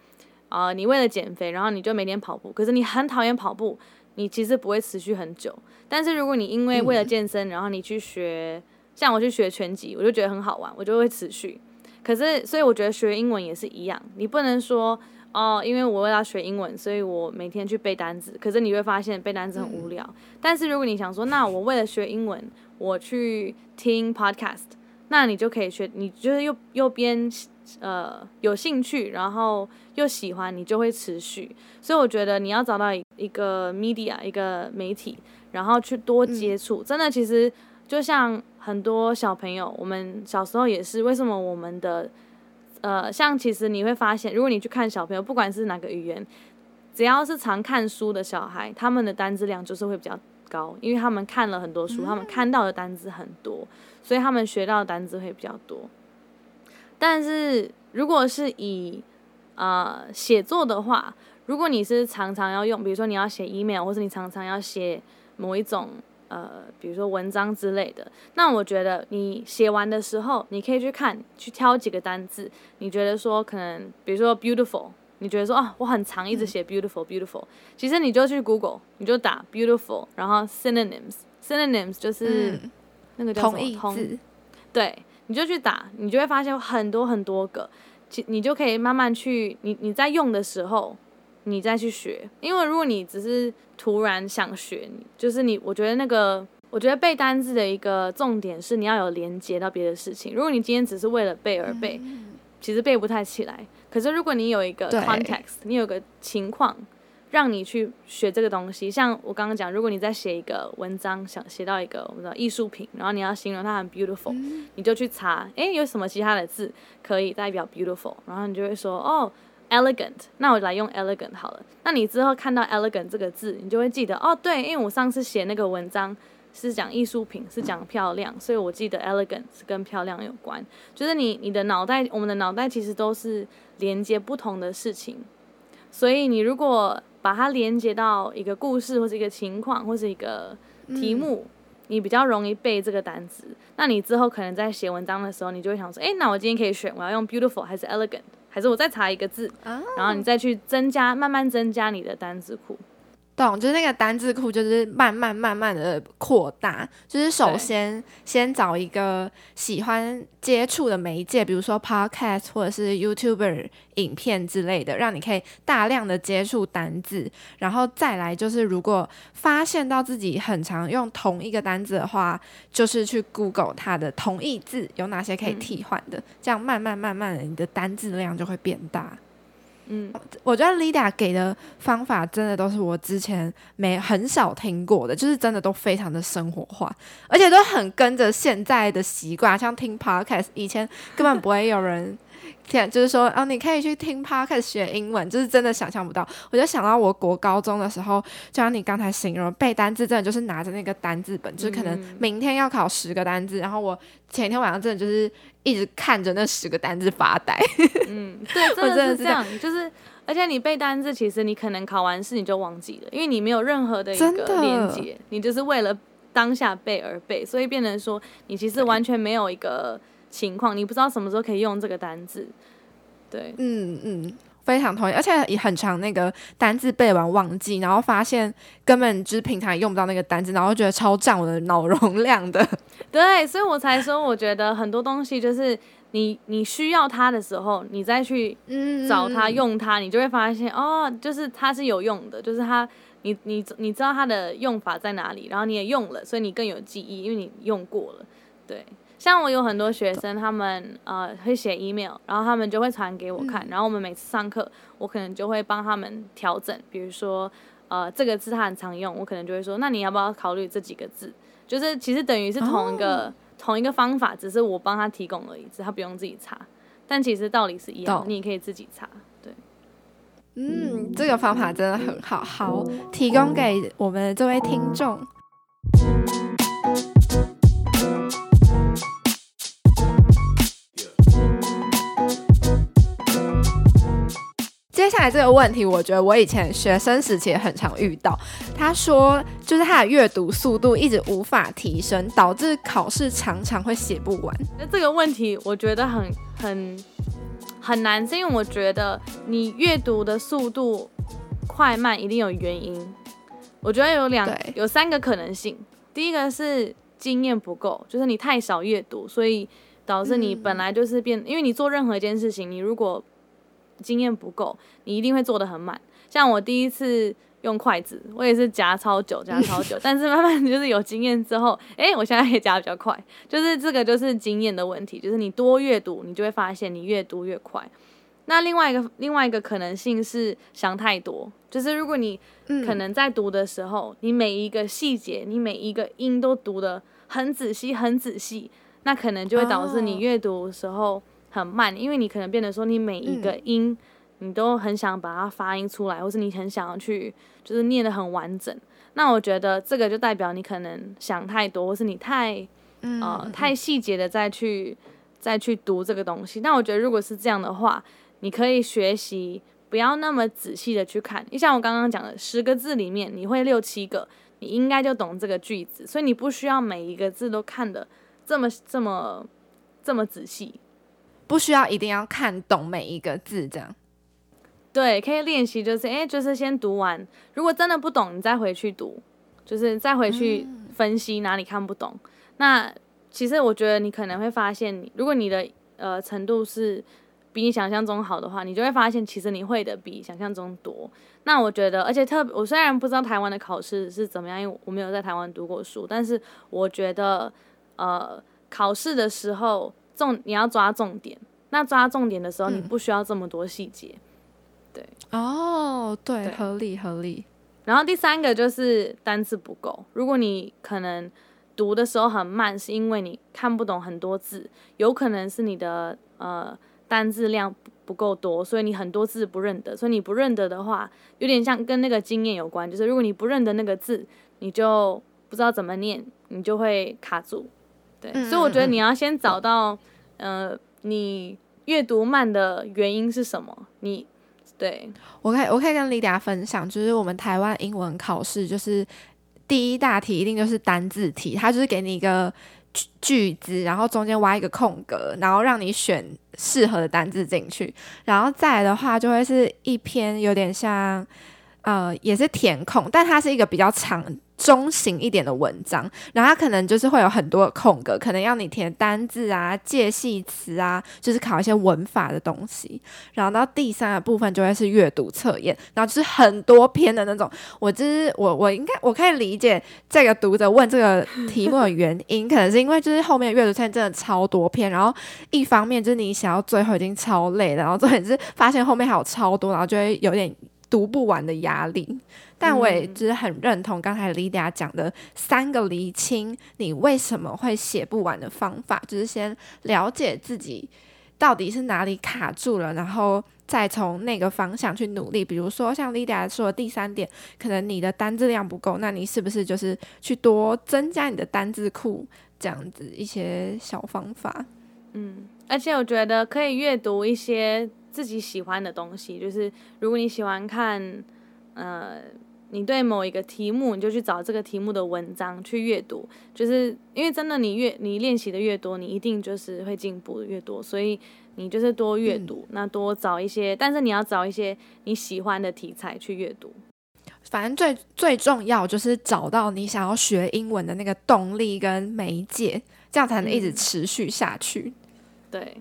啊、呃，你為了減肥，然後你就每天跑步，可是你很討厭跑步，你其實不會持續很久。但是如果你因為為了健身，然後你去學，嗯、像我去學拳擊，我就覺得很好玩，我就會持續。可是，所以我覺得學英文也是一樣，你不能說。哦，oh, 因為我為了要學英文，所以我每天去背單詞。可是你會發現背單詞很無聊。嗯、但是如果你想說，那我為了學英文，我去聽 podcast，那你就可以學，你就是又又邊呃有興趣，然後又喜歡，你就會持續。所以我覺得你要找到一個 media，一個媒體，然後去多接觸。嗯、真的，其實就像很多小朋友，我們小時候也是。為什麼我們的？呃，像其實你會發現，如果你去看小朋友，不管是哪個語言，只要是常看書的小孩，他們的單字量就是會比較高，因為他們看了很多書，他們看到的單字很多，所以他們學到的單字會比較多。但是如果是以啊、呃、寫作的話，如果你是常常要用，比如說你要寫 email，或者你常常要寫某一種。呃，比如說文章之類的，那我覺得你寫完的時候，你可以去看，去挑幾個單字，你覺得說可能，比如說 beautiful，你覺得說啊，我很常一直寫 be beautiful beautiful，、嗯、其實你就去 Google，你就打 beautiful，然後 synonyms，synonyms 就是那個叫什麼同義詞、嗯，對，你就去打，你就會發現很多很多個，其你就可以慢慢去，你你在用的時候。你再去學，因為如果你只是突然想學你，你就是你，我覺得那個，我覺得背單字的一個重點是你要有連接到別的事情。如果你今天只是為了背而背，嗯、其實背不太起來。可是如果你有一個 context，對你有個情況讓你去學這個東西，像我剛剛講，如果你在寫一個文章，想寫到一個我們的藝術品，然後你要形容它很 beautiful，、嗯、你就去查，誒、欸，有什麼其他的字可以代表 beautiful，然後你就會說，哦。Elegant，那我來用 elegant 好了。那你之後看到 elegant 這個字，你就會記得哦，對，因為我上次寫那個文章，是講藝術品，是講漂亮，所以我記得 elegant 是跟漂亮有關。就是你你的腦袋，我們的腦袋其實都是連接不同的事情，所以你如果把它連接到一個故事，或者一個情況，或者一個題目，嗯、你比較容易背這個單詞。那你之後可能在寫文章的時候，你就會想說，哎，那我今天可以選，我要用 beautiful 還是 elegant？還是我再查一個字，oh. 然後你再去增加，慢慢增加你的單字庫。懂，就是那個單字庫，就是慢慢慢慢的擴大。就是首先對先找一個喜歡接觸的媒介，比如說 podcast 或者是 YouTuber 影片之類的，讓你可以大量的接觸單字。然後再來就是，如果發現到自己很常用同一個單字的話，就是去 Google 它的同義字有哪些可以替換的，嗯、這樣慢慢慢慢的，你的單字量就會變大。嗯，我覺得 Lydia 給的方法真的都是我之前沒很少聽過的，就是真的都非常的生活化，而且都很跟着現在的習慣，像聽 Podcast，以前根本不會有人， 天，就是說啊、哦，你可以去聽 Podcast 學英文，就是真的想象不到。我就想到我國高中的時候，就像你剛才形容背單字真的就是拿着那個單字本，就是可能明天要考十個單字，嗯、然後我前一天晚上真的就是一直看着那十個單字發呆。嗯，對，真的是這樣。是這樣，就是而且你背單字，其實你可能考完試你就忘記了，因為你沒有任何的一個鏈接，的你就是為了當下背而背，所以變成說你其實完全沒有一個。情況，你不知道什麼時候可以用這個單字，對，嗯嗯，非常同意，而且也很常那個單字背完忘記，然後發現根本就是平常也用不到那個單字，然後覺得超占我的腦容量的。對，所以我才說，我覺得很多東西就是你你需要它的時候，你再去找它，嗯，用它，你就會發現哦，就是它是有用的，就是它你你你知道它的用法在哪裡，然後你也用了，所以你更有記憶，因為你用過了，對。像我有很多學生，他們呃會寫 email，然後他們就會傳給我看，然後我們每次上課，我可能就會幫他們調整，比如說呃這個字他很常用，我可能就會說，那你要不要考慮這幾個字？就是其實等於是同一個、哦、同一個方法，只是我幫他提供而已，他不用自己查。但其實道理是一樣，你可以自己查。對，嗯，嗯、這個方法真的很好，好提供給我們這位聽眾。接下來這個問題，我覺得我以前學生時期也很常遇到。他說，就是他的閱讀速度一直無法提升，導致考試常常會寫不完。那這個問題我覺得很很很難，因為我覺得你閱讀的速度快慢一定有原因。我覺得有兩對有三個可能性。第一個是經驗不夠，就是你太少閱讀，所以導致你本來就是變，嗯、因為你做任何一件事情，你如果經驗不夠，你一定會做得很慢。像我第一次用筷子，我也是夾超久，夾超久。 但是慢慢就是有經驗之後，哎、欸，我現在也夾比較快。就是這個就是經驗的問題，就是你多閱讀，你就會發現你越讀越快。那另外一個另外一個可能性是想太多，就是如果你可能在讀的時候，嗯、你每一個細節，你每一個音都讀得很仔細很仔細，那可能就會導致你閱讀的時候。哦很慢，因為你可能變得說你每一個音，嗯、你都很想把它發音出來，或是你很想要去，就是念得很完整。那我覺得這個就代表你可能想太多，或是你太，嗯、呃，太細節的再去再去讀這個東西。但我覺得如果是這樣的話，你可以學習不要那麼仔細的去看。你像我剛剛講的十個字裡面，你會六七個，你應該就懂這個句子，所以你不需要每一個字都看的這麼這麼這麼仔細。不需要一定要看懂每一個字，這樣，對，可以練習，就是，哎、欸，就是先讀完，如果真的不懂，你再回去讀，就是再回去分析哪裡看不懂。嗯、那其實我覺得你可能會發現，你如果你的呃程度是比你想象中好的話，你就會發現其實你會的比想象中多。那我覺得，而且特別，我雖然不知道台灣的考試是怎麼樣，因為我沒有在台灣讀過書，但是我覺得呃考試的時候。重你要抓重點，那抓重點的時候，你不需要這麼多細節。嗯、對，哦、oh, 對，對，合理，合理。然後第三個就是單字不夠，如果你可能讀的時候很慢，是因為你看不懂很多字，有可能是你的呃單字量不夠多，所以你很多字不認得。所以你不認得的話，有點像跟那個經驗有關，就是如果你不認得那個字，你就不知道怎麼念，你就會卡住。對，所以我覺得你要先找到，嗯嗯嗯、呃，你閱讀慢的原因是什麼？你對，我可以我可以跟 Lydia 分享，就是我們台灣英文考試，就是第一大題一定就是單字題，它就是給你一個句句子，然後中間挖一個空格，然後讓你選適合的單字進去，然後再來的話就會是一篇有點像，呃，也是填空，但它是一個比較長。中型一點的文章，然後它可能就是會有很多的空格，可能要你填單字啊、介系詞啊，就是考一些文法的東西。然後到第三個部分就會是閱讀測驗，然後就是很多篇的那種。我就是我我應該我可以理解這個讀者問這個題目的原因， 可能是因為就是後面的閱讀測驗真的超多篇，然後一方面就是你想要最後已經超累的，然後重點是發現後面還有超多，然後就會有點。讀不完的壓力，但我也是很認同剛才 Lydia 講的三個釐清你為什麼會寫不完的方法，就是先了解自己到底是哪裡卡住了，然後再從那個方向去努力。比如說像 Lydia 說的第三點，可能你的單字量不夠，那你是不是就是去多增加你的單字庫，這樣子一些小方法。嗯，而且我覺得可以閱讀一些。自己喜歡的東西，就是如果你喜歡看，呃，你對某一個題目，你就去找這個題目的文章去閱讀。就是因為真的，你越你練習的越多，你一定就是會進步的越多。所以你就是多閱讀，嗯。那多找一些，但是你要找一些你喜歡的題材去閱讀。反正最最重要就是找到你想要學英文的那個動力跟媒介，這樣才能一直持續下去。嗯。對。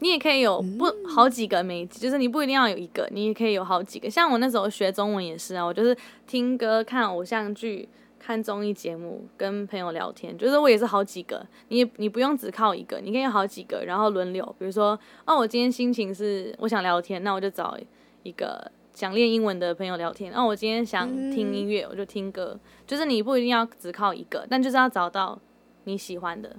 你也可以有不好幾個每，每一就是你不一定要有一個，你也可以有好幾個。像我那時候學中文也是啊，我就是聽歌、看偶像劇、看綜藝節目、跟朋友聊天，就是我也是好幾個。你你不用只靠一個，你可以有好幾個，然後輪流。比如說，哦，我今天心情是我想聊天，那我就找一個想練英文的朋友聊天。那、哦、我今天想聽音樂，我就聽歌。就是你不一定要只靠一個，但就是要找到你喜歡的。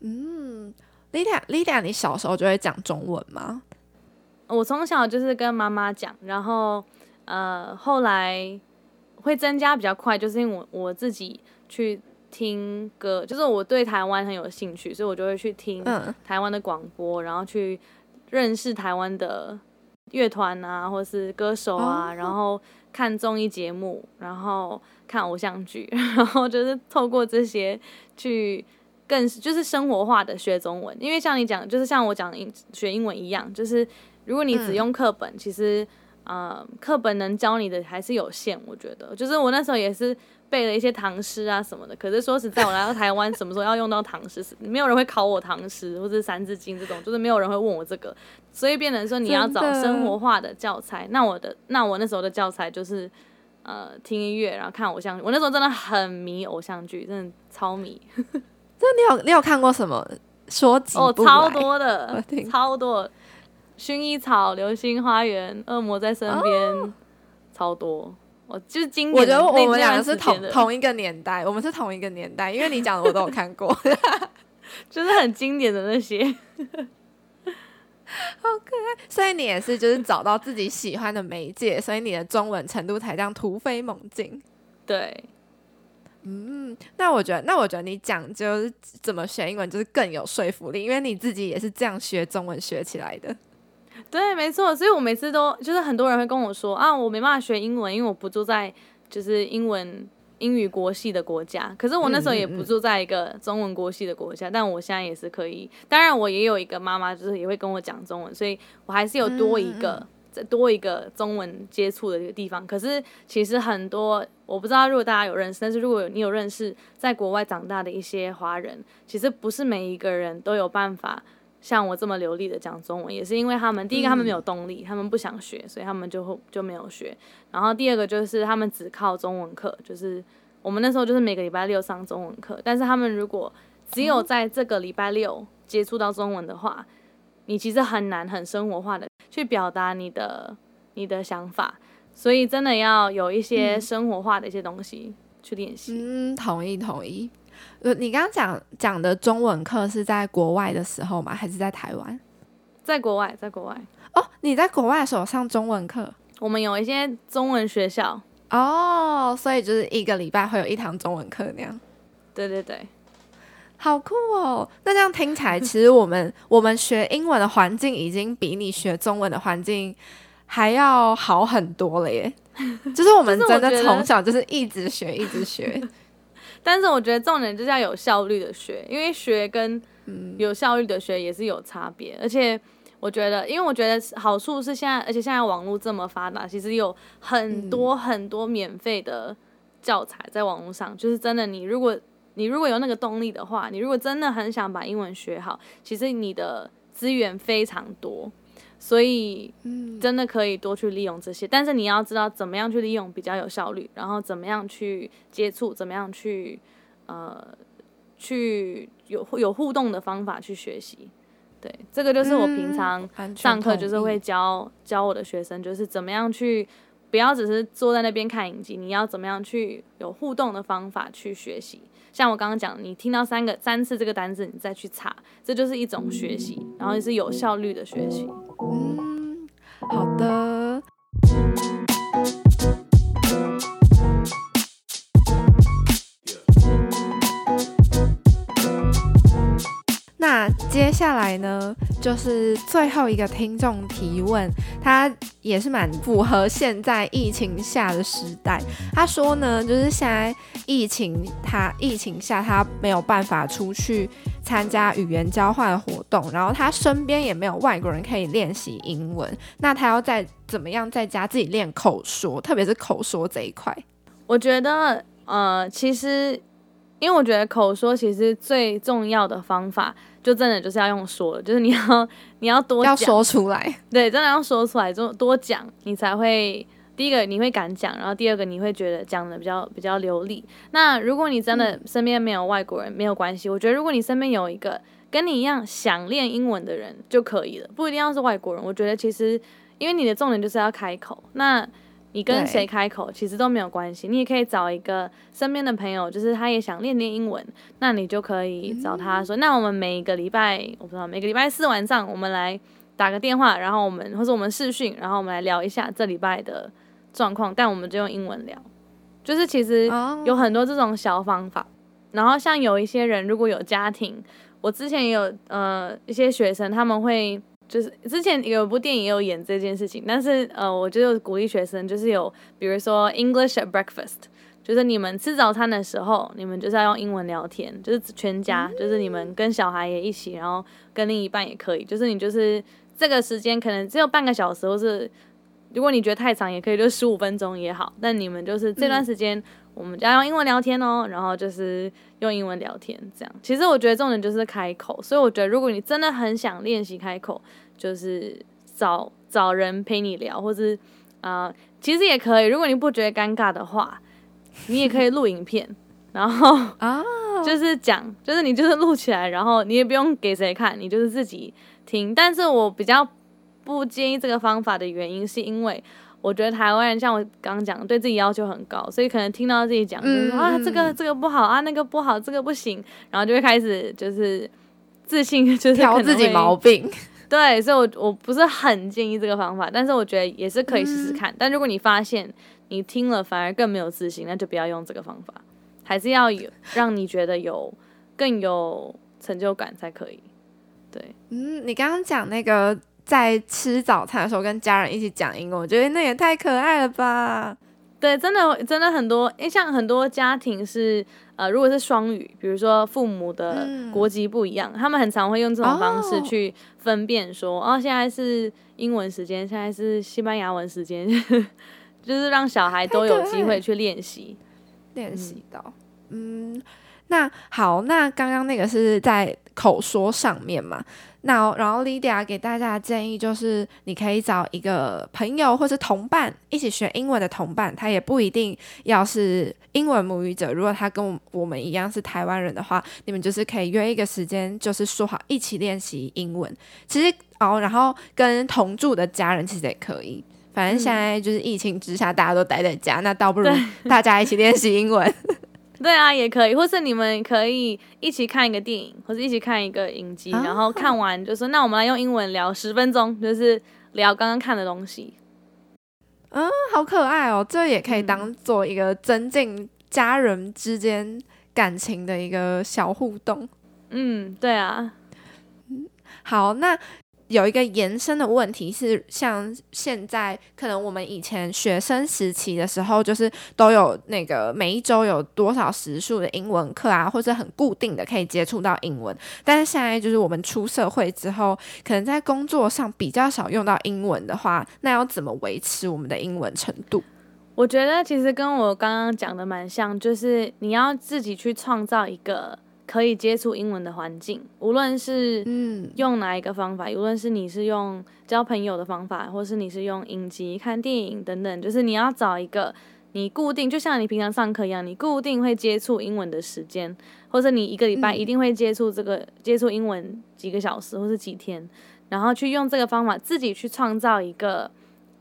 嗯。Lydia，Lydia，你小時候就會講中文嗎？我從小就是跟媽媽講，然後呃，後來會增加比較快，就是因為我我自己去聽歌，就是我對台灣很有興趣，所以我就會去聽台灣的廣播，嗯、然後去認識台灣的樂團啊，或是歌手啊，嗯、然後看綜藝節目，然後看偶像劇，然後就是透過這些去。更是就是生活化的學中文，因為像你講，就是像我講英學英文一樣，就是如果你只用課本，嗯、其實，嗯、呃，課本能教你的還是有限。我覺得，就是我那時候也是背了一些唐詩啊什麼的。可是說實在，我來到台灣，什麼時候要用到唐詩？ 沒有人會考我唐詩，或是《三字經》這種，就是沒有人會問我這個。所以變成說，你要找生活化的教材。的那我的，那我那時候的教材就是，呃，聽音樂，然後看偶像劇。我那時候真的很迷偶像劇，真的超迷。 那你有你有看過什麼？說幾哦，超多的，我聽超多。薰衣草、流星花園、惡魔在身邊，哦、超多。我、哦、就是經典。我覺得我們兩個是同同一個年代，我們是同一個年代，因為你講的我都有看過， 就是很經典的那些， 好可愛。所以你也是，就是找到自己喜歡的媒介，所以你的中文程度才這樣突飛猛進。對。嗯，那我覺得，那我覺得你講就是怎麼學英文就是更有說服力，因為你自己也是這樣學中文學起來的。對，沒錯，所以我每次都就是很多人會跟我說啊，我沒辦法學英文，因為我不住在就是英文英語國系的國家。可是我那時候也不住在一個中文國系的國家，嗯、但我現在也是可以。當然，我也有一個媽媽，就是也會跟我講中文，所以我還是有多一個。嗯嗯多一個中文接觸的一個地方，可是其實很多我不知道，如果大家有認識，但是如果你有認識在國外長大的一些華人，其實不是每一個人都有辦法像我這麼流利的講中文，也是因為他們第一個他們沒有動力，嗯、他們不想學，所以他們就會就沒有學。然後第二個就是他們只靠中文課，就是我們那時候就是每個禮拜六上中文課，但是他們如果只有在這個禮拜六接觸到中文的話。嗯你其實很難很生活化的去表達你的你的想法，所以真的要有一些生活化的一些東西去練習。嗯，同意同意。呃，你剛剛講講的中文課是在國外的時候嗎？還是在台灣？在國外，在國外。哦，你在國外的時候上中文課？我們有一些中文學校哦，所以就是一個禮拜會有一堂中文課那樣。對對對。好酷哦！那這樣聽起來，其實我們 我們學英文的環境已經比你學中文的環境還要好很多了耶。 就是我們真的從小就是一直學，一直學。 但是我覺得重點就是要有效率的學，因為學跟有效率的學也是有差別。嗯、而且我覺得，因為我覺得好處是現在，而且現在網絡這麼發達，其實有很多很多免費的教材在網絡上。嗯、就是真的，你如果。你如果有那個動力的話，你如果真的很想把英文學好，其實你的資源非常多，所以真的可以多去利用這些。嗯。但是你要知道怎麼樣去利用比較有效率，然後怎麼樣去接觸，怎麼樣去呃去有有互動的方法去學習。對，這個就是我平常上課就是會教教我的學生，就是怎麼樣去不要只是坐在那邊看影集，你要怎麼樣去有互動的方法去學習。像我剛剛講，你聽到三個三次這個單字，你再去查，這就是一種學習，然後也是有效率的學習。嗯，好的。那接下來呢，就是最後一個聽眾提問，他也是蠻符合現在疫情下的時代。他說呢，就是現在疫情，他疫情下他沒有辦法出去參加語言交換活動，然後他身邊也沒有外國人可以練習英文。那他要在怎麼樣在家自己練口說，特別是口說這一塊，我覺得，呃，其實，因為我覺得口說其實最重要的方法。就真的就是要用說，就是你要你要多要說出來，對，真的要說出來，這種多講，你才會第一個你會敢講，然後第二個你會覺得講的比較比較流利。那如果你真的身邊沒有外國人，嗯、沒有關係，我覺得如果你身邊有一個跟你一樣想練英文的人就可以了，不一定要是外國人。我覺得其實因為你的重點就是要開口，那。你跟誰開口對其實都沒有關係，你也可以找一個身邊的朋友，就是他也想練練英文，那你就可以找他說，嗯、那我們每一個禮拜，我不知道每個禮拜四晚上我們來打個電話，然後我們或者我們視訊，然後我們來聊一下這禮拜的狀況，但我們就用英文聊，就是其實有很多這種小方法，oh. 然後像有一些人如果有家庭，我之前也有呃一些學生他們會。就是之前有部電影也有演這件事情，但是呃，我就鼓勵學生，就是有比如說 English at breakfast，就是你們吃早餐的時候，你們就是要用英文聊天，就是全家，就是你們跟小孩也一起，然後跟另一半也可以，就是你就是這個時間可能只有半個小時，或是。如果你覺得太長，也可以就十五分鐘也好。但你們就是這段時間，我們就要用英文聊天哦。嗯、然後就是用英文聊天這樣。其實我覺得重點就是開口，所以我覺得如果你真的很想練習開口，就是找找人陪你聊，或是啊、呃，其實也可以。如果你不覺得尷尬的話，你也可以錄影片， 然後啊，就是講，就是你就是錄起來，然後你也不用給誰看，你就是自己聽。但是我比較。不建議這個方法的原因，是因為我覺得台灣人像我剛剛講的，對自己要求很高，所以可能聽到自己講，啊，這個這個不好啊，那個不好，這個不行，然後就會開始就是自信，就是挑自己毛病。對，所以，我我不是很建議這個方法，但是我覺得也是可以試試看。但如果你發現你聽了反而更沒有自信，那就不要用這個方法，還是要有讓你覺得有更有成就感才可以。對，嗯，你剛剛講那個。在吃早餐的時候跟家人一起講英文，我覺得那也太可愛了吧！對，真的真的很多，因、欸、為像很多家庭是呃，如果是雙語，比如說父母的國籍不一樣，嗯、他們很常會用這種方式去分辨說，說哦，哦，現在是英文時間，現在是西班牙文時間， 就是讓小孩都有機會去練習，練習、嗯、到嗯，那好，那剛剛那個是在口說上面嘛？那然後 Lydia 給大家的建議就是，你可以找一個朋友或是同伴，一起學英文的同伴，他也不一定要是英文母語者。如果他跟我們一樣是台灣人的話，你們就是可以約一個時間，就是說好一起練習英文。其實哦，然後跟同住的家人其實也可以。反正現在就是疫情之下，大家都待在家，嗯、那倒不如大家一起練習英文。 對啊，也可以，或是你們可以一起看一個電影，或者一起看一個影集，啊、然後看完、啊、就說：“那我們來用英文聊十分鐘，就是聊剛剛看的東西。”啊、嗯，好可愛哦！這也可以當做一個增進家人之間感情的一個小互動。嗯，對啊。好，那。有一個延伸的問題是，像現在可能我們以前學生時期的時候，就是都有那個每一周有多少時數的英文課啊，或者很固定的可以接觸到英文。但是現在就是我們出社會之後，可能在工作上比較少用到英文的話，那要怎麼維持我們的英文程度？我覺得其實跟我剛剛講的蠻像，就是你要自己去創造一個，可以接觸英文的環境，無論是用哪一個方法，嗯、無論是你是用交朋友的方法，或是你是用影集、看電影等等，就是你要找一個你固定，就像你平常上課一樣，你固定會接觸英文的時間，或者你一個禮拜一定會接觸這個、嗯、接觸英文幾個小時，或是幾天，然後去用這個方法自己去創造一個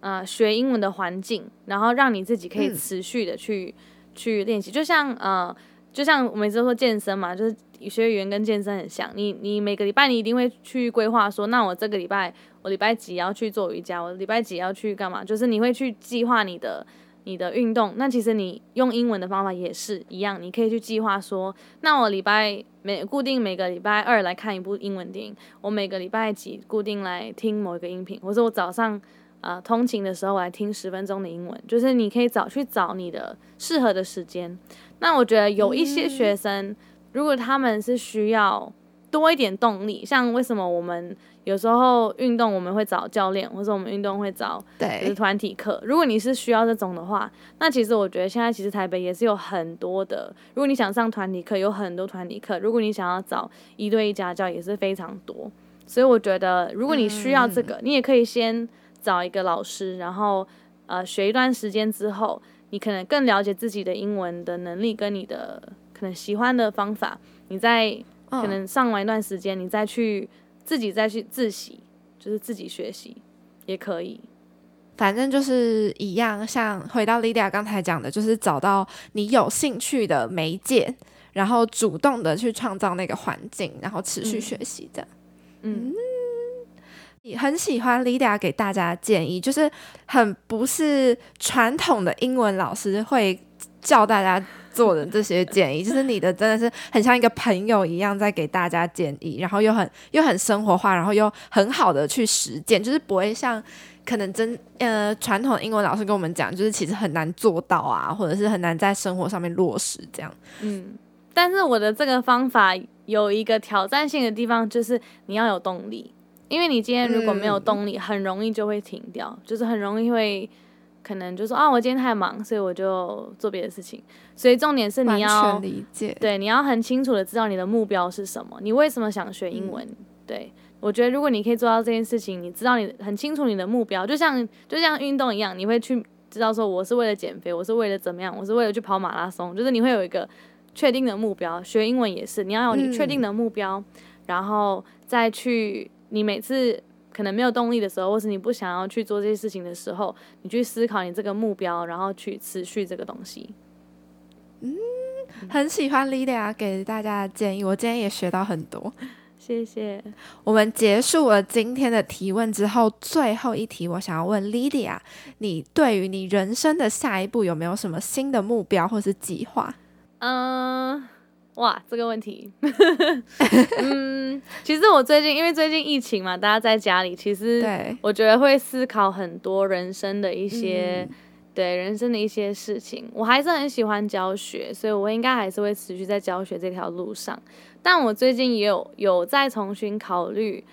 呃學英文的環境，然後讓你自己可以持續的去、嗯、去練習，就像呃。就像我們之前說健身嘛，就是學語言跟健身很像。你你每個禮拜你一定會去規劃說，那我這個禮拜我禮拜幾要去做瑜伽，我禮拜幾要去幹嘛？就是你會去計劃你的你的運動。那其實你用英文的方法也是一樣，你可以去計劃說，那我禮拜每固定每個禮拜二來看一部英文電影，我每個禮拜幾固定來聽某一個音頻，或者我早上。呃，通勤的時候我聽十分鐘的英文，就是你可以找去找你的適合的時間。那我覺得有一些學生，嗯、如果他們是需要多一點動力，像為什麼我們有時候運動我們會找教練，或者我們運動會找就是團體課。如果你是需要這種的話，那其實我覺得現在其實台北也是有很多的。如果你想上團體課，有很多團體課；如果你想要找一對一家教，也是非常多。所以我覺得，如果你需要這個，嗯、你也可以先。找一個老師，然後呃學一段時間之後，你可能更了解自己的英文的能力跟你的可能喜歡的方法。你再可能上完一段時間，你再去，哦，自己再去自習，就是自己學習也可以。反正就是一樣，像回到 Lydia 剛才講的，就是找到你有興趣的媒介，然後主動的去創造那個環境，然後持續學習的嗯。嗯。你很喜歡 Lydia 給大家建議，就是很不是傳統的英文老師會教大家做的這些建議，就是你的真的是很像一個朋友一樣在給大家建議，然後又很又很生活化，然後又很好的去實踐，就是不會像可能真呃傳統的英文老師跟我們講，就是其實很難做到啊，或者是很難在生活上面落實這樣。嗯，但是我的這個方法有一個挑戰性的地方，就是你要有動力。因為你今天如果沒有動力，嗯、很容易就會停掉，就是很容易會可能就說啊，我今天太忙，所以我就做別的事情。所以重點是你要對，你要很清楚的知道你的目標是什麼？你為什麼想學英文？嗯、對我覺得如果你可以做到這件事情，你知道你很清楚你的目標，就像就像運動一樣，你會去知道說我是為了減肥，我是為了怎麼樣，我是為了去跑馬拉松，就是你會有一個確定的目標。學英文也是，你要有你確定的目標，嗯、然後再去。你每次可能沒有動力的時候，或是你不想要去做這些事情的時候，你去思考你這個目標，然後去持續這個東西。嗯，很喜歡 Lydia 給大家的建議，我今天也學到很多，謝謝。我們結束了今天的提問之後，最後一題我想要問 Lydia：你對於你人生的下一步有沒有什麼新的目標或是計劃？嗯、uh。哇，這個問題。 嗯，其實我最近因為最近疫情嘛，大家在家裡，其實我覺得會思考很多人生的一些，對，對人生的一些事情。嗯、我還是很喜歡教學，所以我應該還是會持續在教學這條路上。但我最近也有有在重新考慮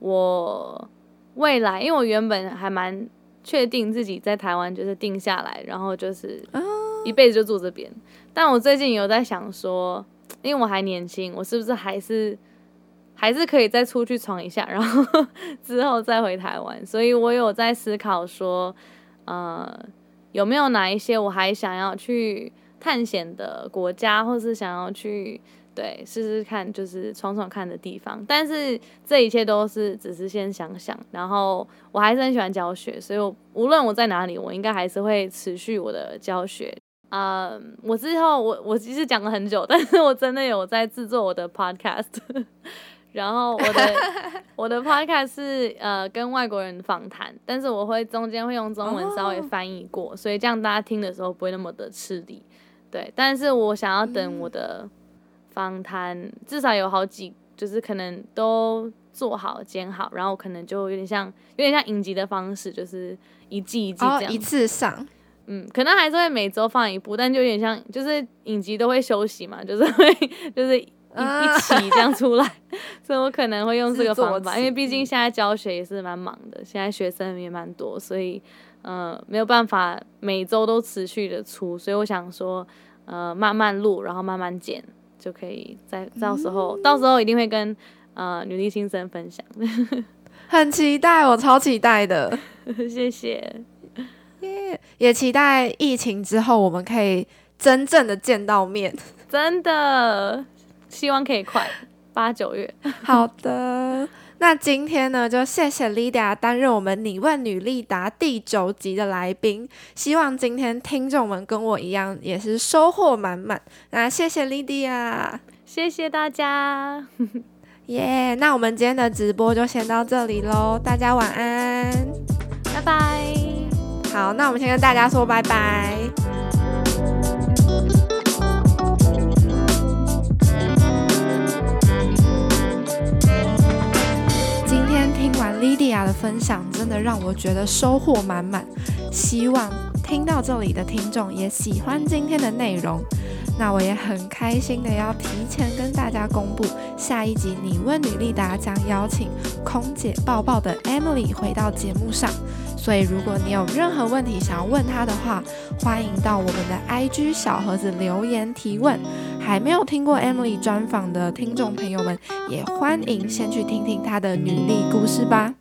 我未來，因為我原本還蠻確定自己在台灣就是定下來，然後就是一輩子就住這邊。哦、但我最近有在想說。因為我還年輕，我是不是還是還是可以再出去闖一下，然後之後再回台灣？所以我有在思考說，呃，有沒有哪一些我還想要去探險的國家，或是想要去對試試看，就是闖闖看的地方？但是這一切都是只是先想想，然後我還是很喜歡教學，所以我無論我在哪裡，我應該還是會持續我的教學。呃，uh, 我之後我我其實講了很久，但是我真的有在制作我的 podcast， 然後我的 我的 podcast 是呃跟外國人訪談，但是我會中間會用中文稍微翻譯過，oh. 所以這樣大家聽的時候不會那麼的吃力，對。但是我想要等我的訪談、mm. 至少有好幾，就是可能都做好剪好，然後可能就有點像有點像影集的方式，就是一季一季這樣、oh, 一次上。嗯，可能還是會每周放一部，但就有點像，就是影集都會休息嘛，就是會就是一、嗯、一起這樣出來， 所以我可能會用這個方法，因為畢竟現在教學也是蠻忙的，現在學生也蠻多，所以嗯、呃、沒有辦法每周都持續的出，所以我想說呃慢慢錄，然後慢慢剪，就可以再到時候、嗯、到時候一定會跟呃女力心聲分享， 很期待，我超期待的， 謝謝。Yeah, 也期待疫情之後我們可以真正的見到面， 真的希望可以快 八九月。 好的，那今天呢，就謝謝 Lydia 擔任我們「你問女力答」第九集的來賓。希望今天聽眾們跟我一樣也是收穫滿滿。那謝謝 Lydia，謝謝大家。耶 ，yeah, 那我們今天的直播就先到這裡嘍，大家晚安，拜拜。好，那我們先跟大家說拜拜。今天聽完 Lydia 的分享，真的讓我覺得收穫滿滿，希望聽到這裡的聽眾也喜歡今天的內容。那我也很開心的，要提前跟大家公布，下一集《你問女力答》將邀請空姐報報的 Emily 回到節目上。所以，如果你有任何問題想要問她的話，歡迎到我們的 IG 小盒子留言提問。還沒有聽過 Emily 專訪的聽眾朋友們，也歡迎先去聽聽她的女力故事吧。